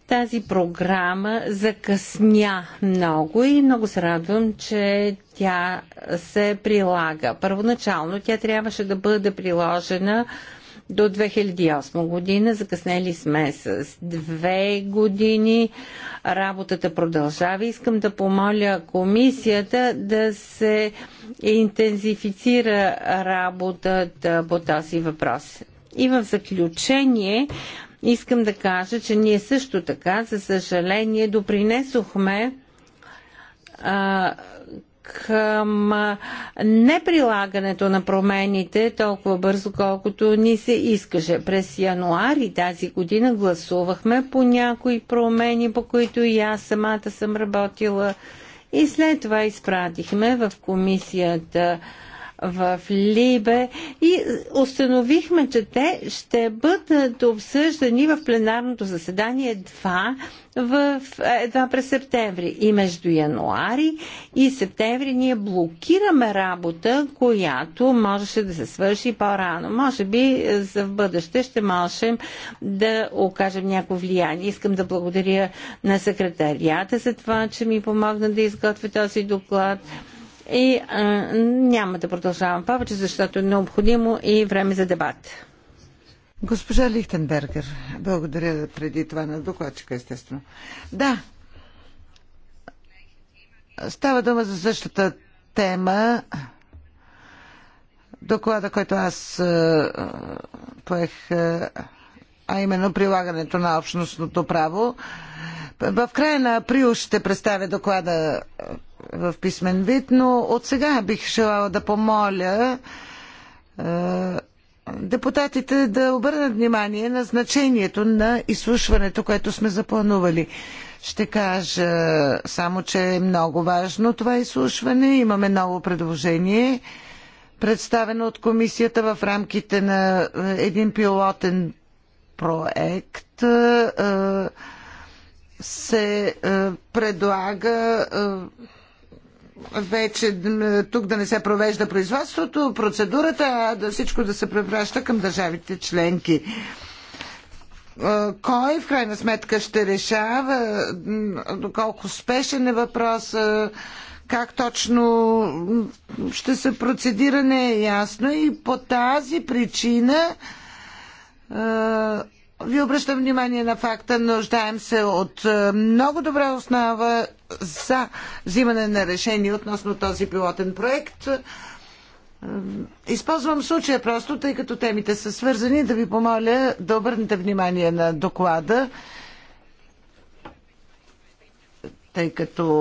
тази програма закъсня много и много се радвам, че тя се прилага. Първоначално тя трябваше да бъде приложена до 2008 година. Закъснели сме с две години. Работата продължава. Искам да помоля комисията да се интензифицира работата по този въпрос. И в заключение искам да кажа, че ние също така, за съжаление, допринесохме а, към неприлагането на промените толкова бързо, колкото ни се искаше. През януари тази година гласувахме по някои промени, по които и аз самата съм работила и след това изпратихме в комисията в Либе и установихме, че те ще бъдат обсъждани в пленарното заседание едва, в, едва през септември. И между януари и септември ние блокираме работа, която можеше да се свърши по-рано. Може би е, за в бъдеще ще можем да окажем някакво влияние. Искам да благодаря на секретарията за това, че ми помогна да изготвя този доклад. И а, няма да продължавам повече, защото е необходимо и време за дебат. Госпожа Лихтенбергер, благодаря преди това на докладчика, естествено. Да, става дума за същата тема. Доклада, който аз а, поех, а, а именно прилагането на общностното право. В края на април ще представя доклада в писмен вид, но от сега бих желала да помоля е, депутатите да обърнат внимание на значението на изслушването, което сме запланували. Ще кажа само, че е много важно това изслушване. Имаме ново предложение, представено от комисията в рамките на е, един пилотен проект. Е, се предлага вече тук да не се провежда производството, процедурата, а да всичко да се превраща към държавите членки. Кой в крайна сметка ще решава, доколко спешен е въпрос, как точно ще се процедира не е ясно и по тази причина ви обръщам внимание на факта, нуждаем се от е, много добра основа за взимане на решение относно този пилотен проект. Е, използвам случая просто, тъй като темите са свързани, да ви помоля да обърнете внимание на доклада, тъй като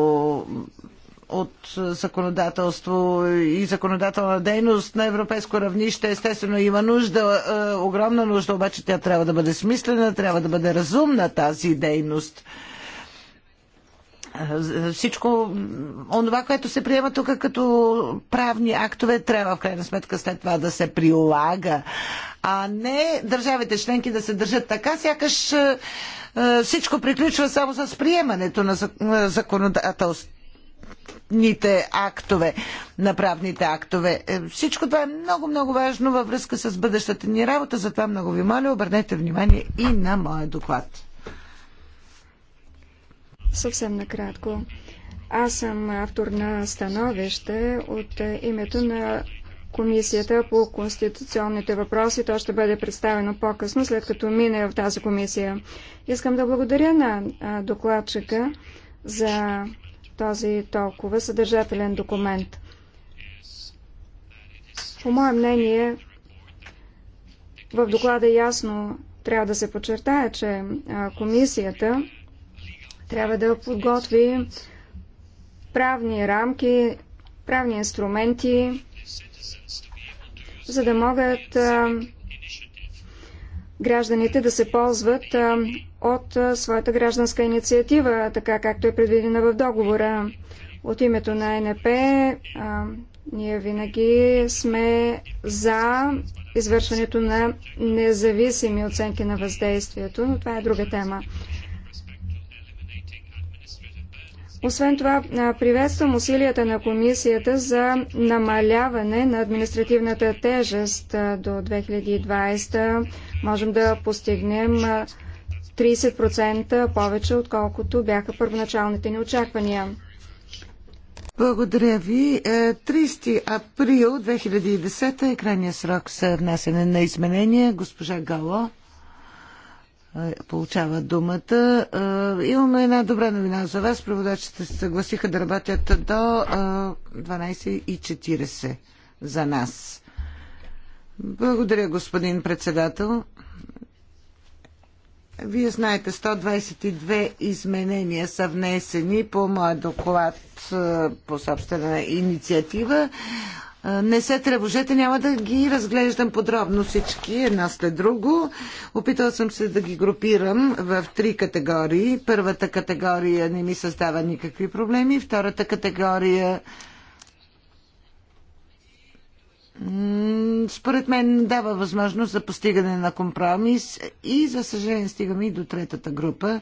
от законодателство и законодателна дейност на европейско равнище. Естествено има нужда, е, огромна нужда, обаче тя трябва да бъде смислена, трябва да бъде разумна тази дейност всичко онова, което се приема тук като правни актове, трябва в крайна сметка след това да се прилага. А не държавите членки да се държат така, сякаш е, е, всичко приключва само с приемането на законодателство правните актове, на правните актове. Е, всичко това е много, много важно във връзка с бъдещата ни работа, затова много ви моля, обърнете внимание и на моя доклад. Съвсем накратко. Аз съм автор на становище от името на Комисията по конституционните въпроси. То ще бъде представено по-късно, след като мине в тази комисия. Искам да благодаря на докладчика за този толкова съдържателен документ. По мое мнение, в доклада ясно трябва да се подчертая, че комисията трябва да подготви правни рамки, правни инструменти, за да могат гражданите да се ползват от своята гражданска инициатива, така както е предвидена в договора. От името на НП а, ние винаги сме за извършването на независими оценки на въздействието, но това е друга тема. Освен това, приветствам усилията на комисията за намаляване на административната тежест до 2020. Можем да постигнем 30% повече, отколкото бяха първоначалните ни очаквания. Благодаря ви. 30 е, април 2010 е крайния срок за внасяне на изменения. Госпожа Гало е, получава думата. Е, имаме една добра новина за вас. Преводачите се съгласиха да работят до 12.40 за нас. Благодаря, господин председател. Вие знаете, 122 изменения са внесени по моя доклад е, по собствена инициатива. Е, не се тревожете, няма да ги разглеждам подробно всички, една след друго. Опитал съм се да ги групирам в три категории. Първата категория не ми създава никакви проблеми, втората категория според мен дава възможност за постигане на компромис и за съжаление стигаме и до третата група,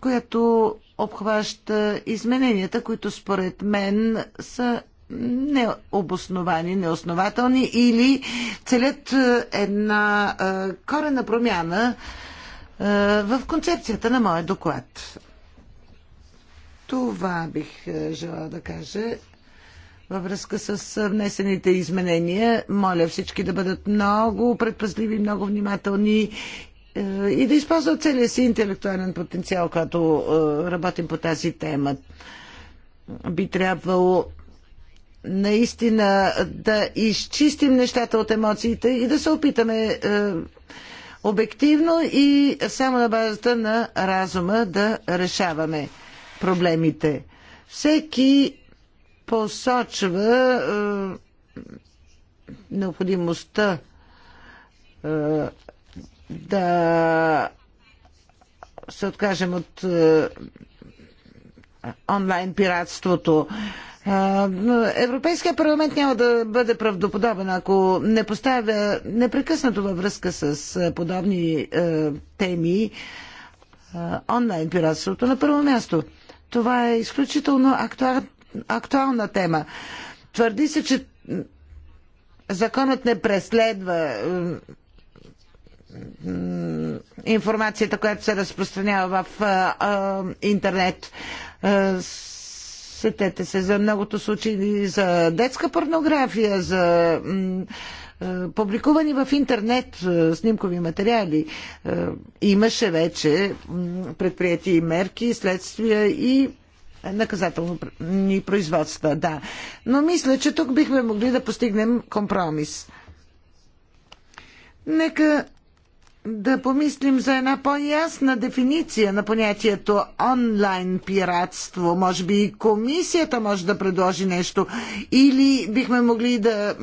която обхваща измененията, които според мен са необосновани, неоснователни или целят е, една е, корена промяна е, в концепцията на моя доклад. Това бих желала да кажа във връзка с внесените изменения. Моля всички да бъдат много предпазливи, много внимателни е, и да използват целия си интелектуален потенциал, когато е, работим по тази тема. Би трябвало наистина да изчистим нещата от емоциите и да се опитаме е, обективно и само на базата на разума да решаваме проблемите. Всеки посочва е, необходимостта е, да се откажем от е, онлайн пиратството. Европейския парламент няма да бъде правдоподобен, ако не поставя непрекъснато във връзка с подобни теми онлайн пиратството на първо място. Това е изключително актуален актуална тема. Твърди се, че законът не преследва информацията, която се разпространява в а, а, интернет. А, сетете се за многото случаи за детска порнография, за публикувани в интернет снимкови материали. Имаше вече предприяти мерки, следствия и наказателни производства, да. Но мисля, че тук бихме могли да постигнем компромис. Нека да помислим за една по-ясна дефиниция на понятието онлайн пиратство. Може би и комисията може да предложи нещо. Или бихме могли да,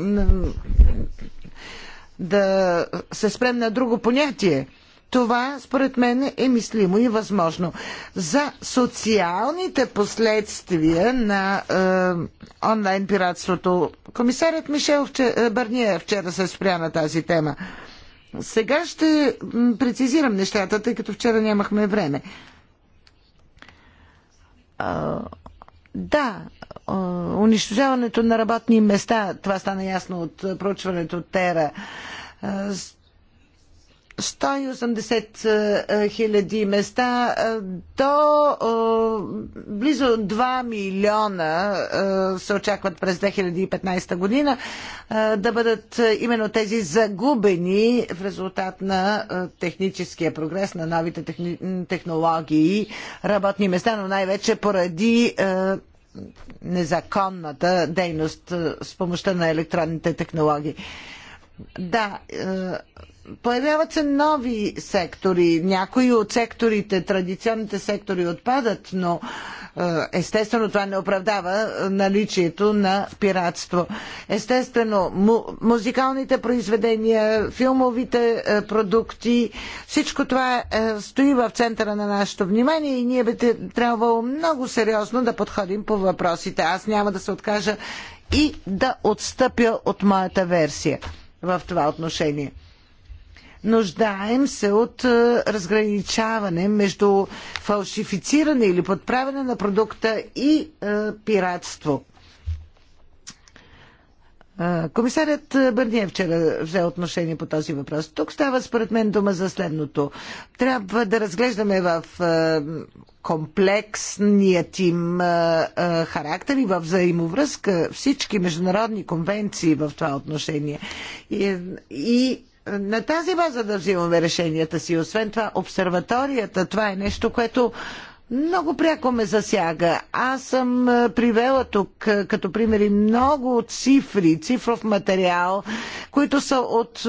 да се спрем на друго понятие. Това, според мен, е мислимо и възможно. За социалните последствия на е, онлайн пиратството, комисарят Мишел вчера, е, Барния вчера се спря на тази тема. Сега ще прецизирам нещата, тъй като вчера нямахме време. А, е, да, е, унищожаването на работни места, това стана ясно от проучването от Тера. 180 е, хиляди места е, до е, близо 2 милиона се очакват през 2015 година да бъдат именно тези загубени в резултат на техническия прогрес на новите технологии технологии работни места, но най-вече поради незаконната дейност с помощта на електронните технологии. Да, е, появяват се нови сектори. Някои от секторите, традиционните сектори отпадат, но е, естествено това не оправдава е, наличието на пиратство. Естествено, музикалните произведения, филмовите продукти, всичко това стои в центъра на нашето внимание и ние би трябвало много сериозно да подходим по въпросите. Аз няма да се откажа и да отстъпя от моята версия в това отношение. Нуждаем се от разграничаване между фалшифициране или подправяне на продукта и пиратство – Комисарят Бърния вчера взе отношение по този въпрос. Тук става според мен дума за следното. Трябва да разглеждаме в комплексният им характер и в взаимовръзка всички международни конвенции в това отношение. И, и на тази база да взимаме решенията си. Освен това, обсерваторията, това е нещо, което много пряко ме засяга. Аз съм привела тук като примери много цифри, цифров материал, които са от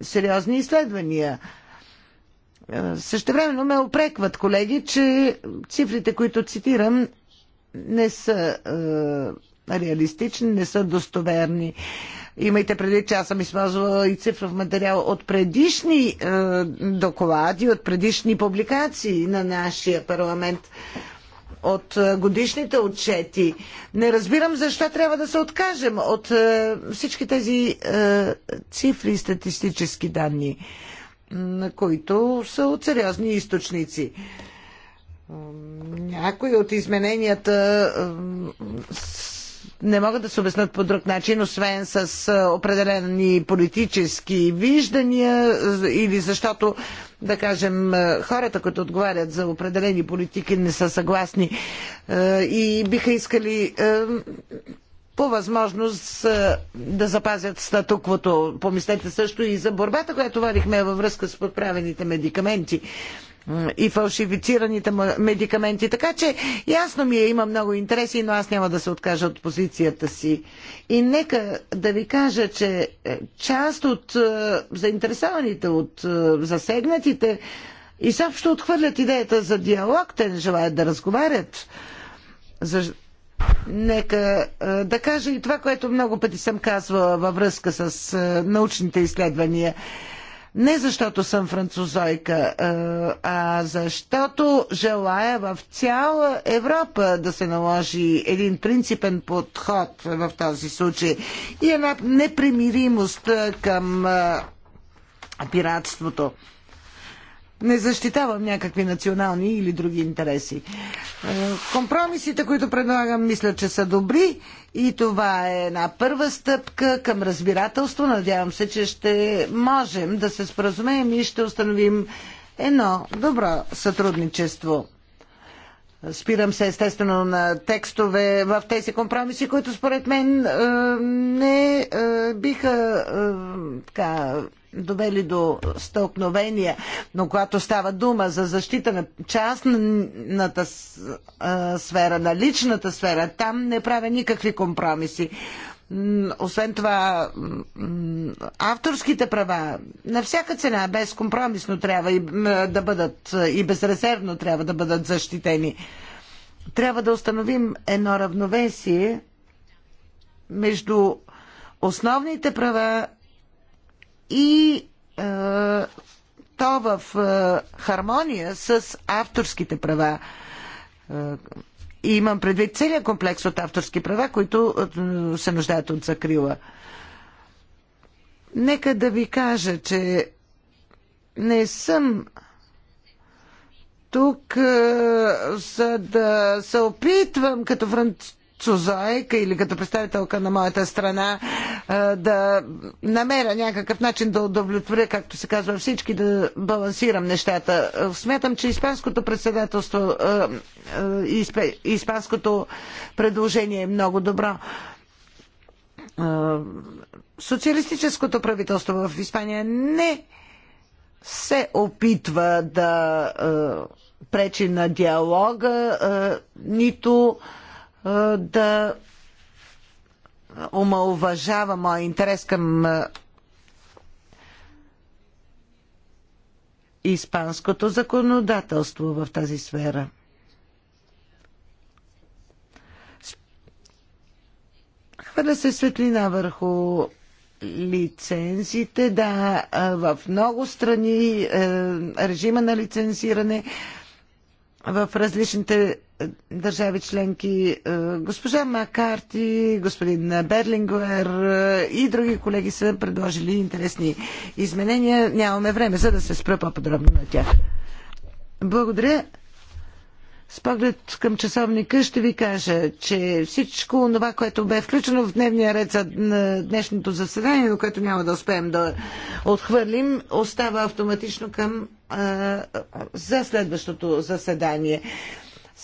сериозни изследвания. Същевременно ме опрекват колеги, че цифрите, които цитирам, не са е, реалистични, не са достоверни. Е, Имайте предвид, че аз съм използвала и цифров материал от предишни е, доклади, от предишни публикации на нашия парламент, от е, годишните отчети. Не разбирам защо трябва да се откажем от е, всички тези е, цифри и статистически данни, които са от сериозни източници. Някои от измененията не могат да се обяснат по друг начин, освен с определени политически виждания или защото, да кажем, хората, които отговарят за определени политики, не са съгласни и биха искали по възможност да запазят статуквото. Помислете също и за борбата, която водихме във връзка с подправените медикаменти и фалшифицираните медикаменти. Така че ясно ми е, има много интереси, но аз няма да се откажа от позицията си. И нека да ви кажа, че е, част от е, заинтересованите, от е, засегнатите, изобщо отхвърлят идеята за диалог, те не желаят да разговарят. За... Нека да кажа и това, което много пъти съм казвала във връзка с научните изследвания. Не защото съм французойка, е, а защото желая в цяла Европа да се наложи един принципен подход в този случай и една непримиримост към е, пиратството не защитавам някакви национални или други интереси. Е, компромисите, които предлагам, мисля, че са добри и това е една първа стъпка към разбирателство. Надявам се, че ще можем да се споразумеем и ще установим едно добро сътрудничество. Спирам се естествено на текстове в тези компромиси, които според мен е, не е, биха е, така, довели до стълкновения, но когато става дума за защита на частната сфера, на личната сфера, там не правя никакви компромиси. Освен това, авторските права на всяка цена, безкомпромисно трябва и, да бъдат и безрезервно трябва да бъдат защитени. Трябва да установим едно равновесие между основните права и е, то в е, хармония с авторските права. Е, и имам предвид целият комплекс от авторски права, които се нуждаят от закрила. Нека да ви кажа, че не съм тук, за да се опитвам като француз Цузоек или като представителка на моята страна да намеря някакъв начин да удовлетворя, както се казва, всички да балансирам нещата. Смятам, че испанското председателство и испанското предложение е много добро. Социалистическото правителство в Испания не се опитва да пречи на диалога, нито да омалуважава моя интерес към испанското законодателство в тази сфера. Хвърля се светлина върху лицензите. Да, в много страни е, режима на лицензиране в различните е, държави членки. Е, госпожа Макарти, господин Берлингуер е, и други колеги са предложили интересни изменения. Нямаме време, за да се спра по-подробно на тях. Благодаря. С поглед към часовника ще ви кажа, че всичко това, което бе включено в дневния ред за днешното заседание, но което няма да успеем да отхвърлим, остава автоматично към а, за следващото заседание.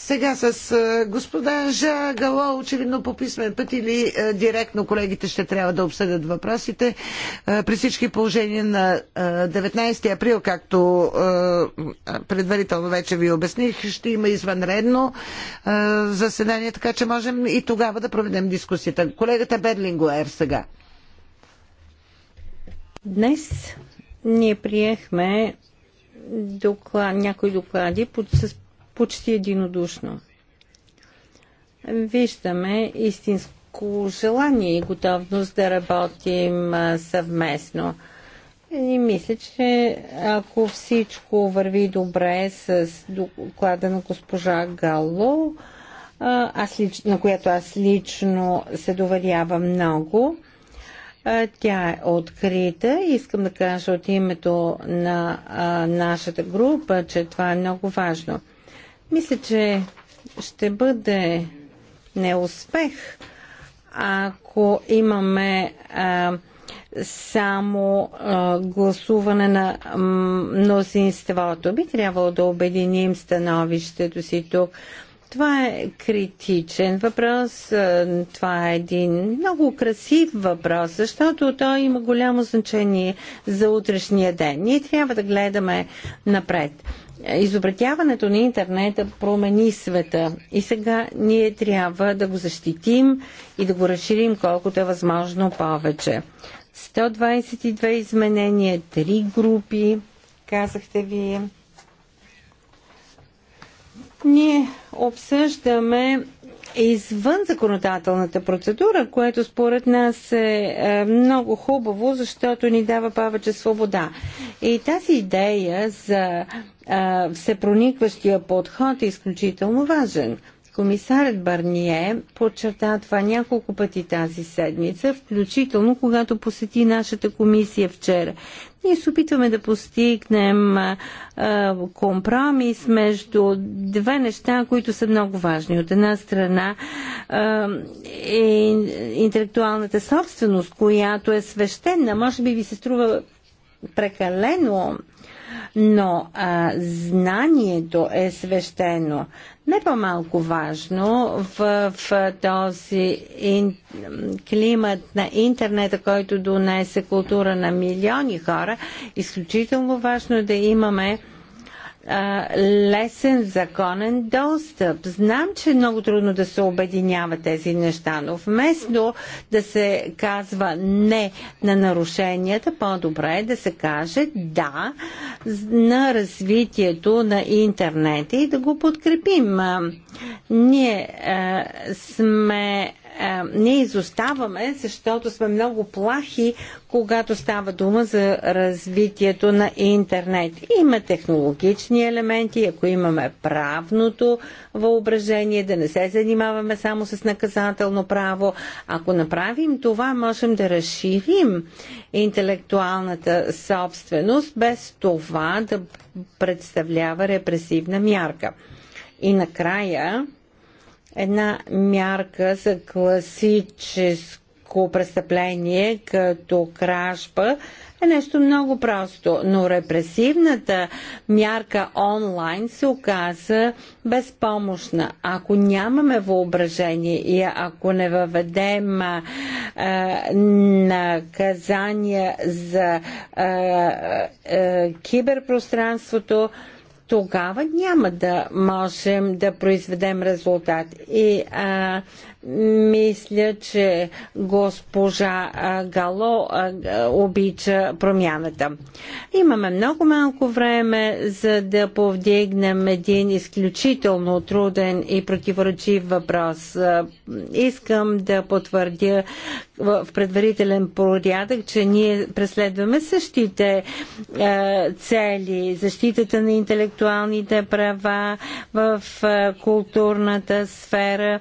Сега с господа Жа Гало, очевидно по писмен път или директно колегите ще трябва да обсъдят въпросите. При всички положения на 19 април, както предварително вече ви обясних, ще има извънредно заседание, така че можем и тогава да проведем дискусията. Колегата Берлингуер сега. Днес ние приехме доклад, някои доклади под, с почти единодушно. Виждаме истинско желание и готовност да работим съвместно. И мисля, че ако всичко върви добре с доклада на госпожа Гало, аз лич, на която аз лично се доверявам много, тя е открита. Искам да кажа от името на нашата група, че това е много важно. Мисля, че ще бъде неуспех, ако имаме а, само а, гласуване на мнозинството. Би трябвало да обединим становището си тук. Това е критичен въпрос. Е, това е един много красив въпрос, защото той има голямо значение за утрешния ден. Ние трябва да гледаме напред. Изобретяването на интернета промени света и сега ние трябва да го защитим и да го разширим колкото е възможно повече. 122 изменения, 3 групи, казахте вие. Ние обсъждаме извън законодателната процедура, което според нас е, е много хубаво, защото ни дава повече свобода. И тази идея за е, всепроникващия подход е изключително важен. Комисарът Барние подчерта това няколко пъти тази седмица, включително когато посети нашата комисия вчера. Ние се опитваме да постигнем а, компромис между две неща, които са много важни. От една страна а, е интелектуалната собственост, която е свещена. Може би ви се струва прекалено но а, знанието е свещено. Не по-малко важно в, в този ин, климат на интернета, който донесе култура на милиони хора, изключително важно е да имаме лесен законен достъп. Знам, че е много трудно да се обединява тези неща, но вместо да се казва не на нарушенията, по-добре е да се каже да на развитието на интернета и да го подкрепим. Ние а, сме не ние изоставаме, защото сме много плахи, когато става дума за развитието на интернет. Има технологични елементи, ако имаме правното въображение, да не се занимаваме само с наказателно право. Ако направим това, можем да разширим интелектуалната собственост, без това да представлява репресивна мярка. И накрая, една мярка за класическо престъпление като кражба е нещо много просто, но репресивната мярка онлайн се оказа безпомощна. Ако нямаме въображение и ако не въведем а, наказания за а, а, киберпространството, а, тогава няма да можем да произведем резултат. И а, мисля, че госпожа Гало обича промяната. Имаме много малко време, за да повдигнем един изключително труден и противоречив въпрос. Искам да потвърдя в предварителен порядък, че ние преследваме същите цели. Защитата на интелектуалните права в културната сфера.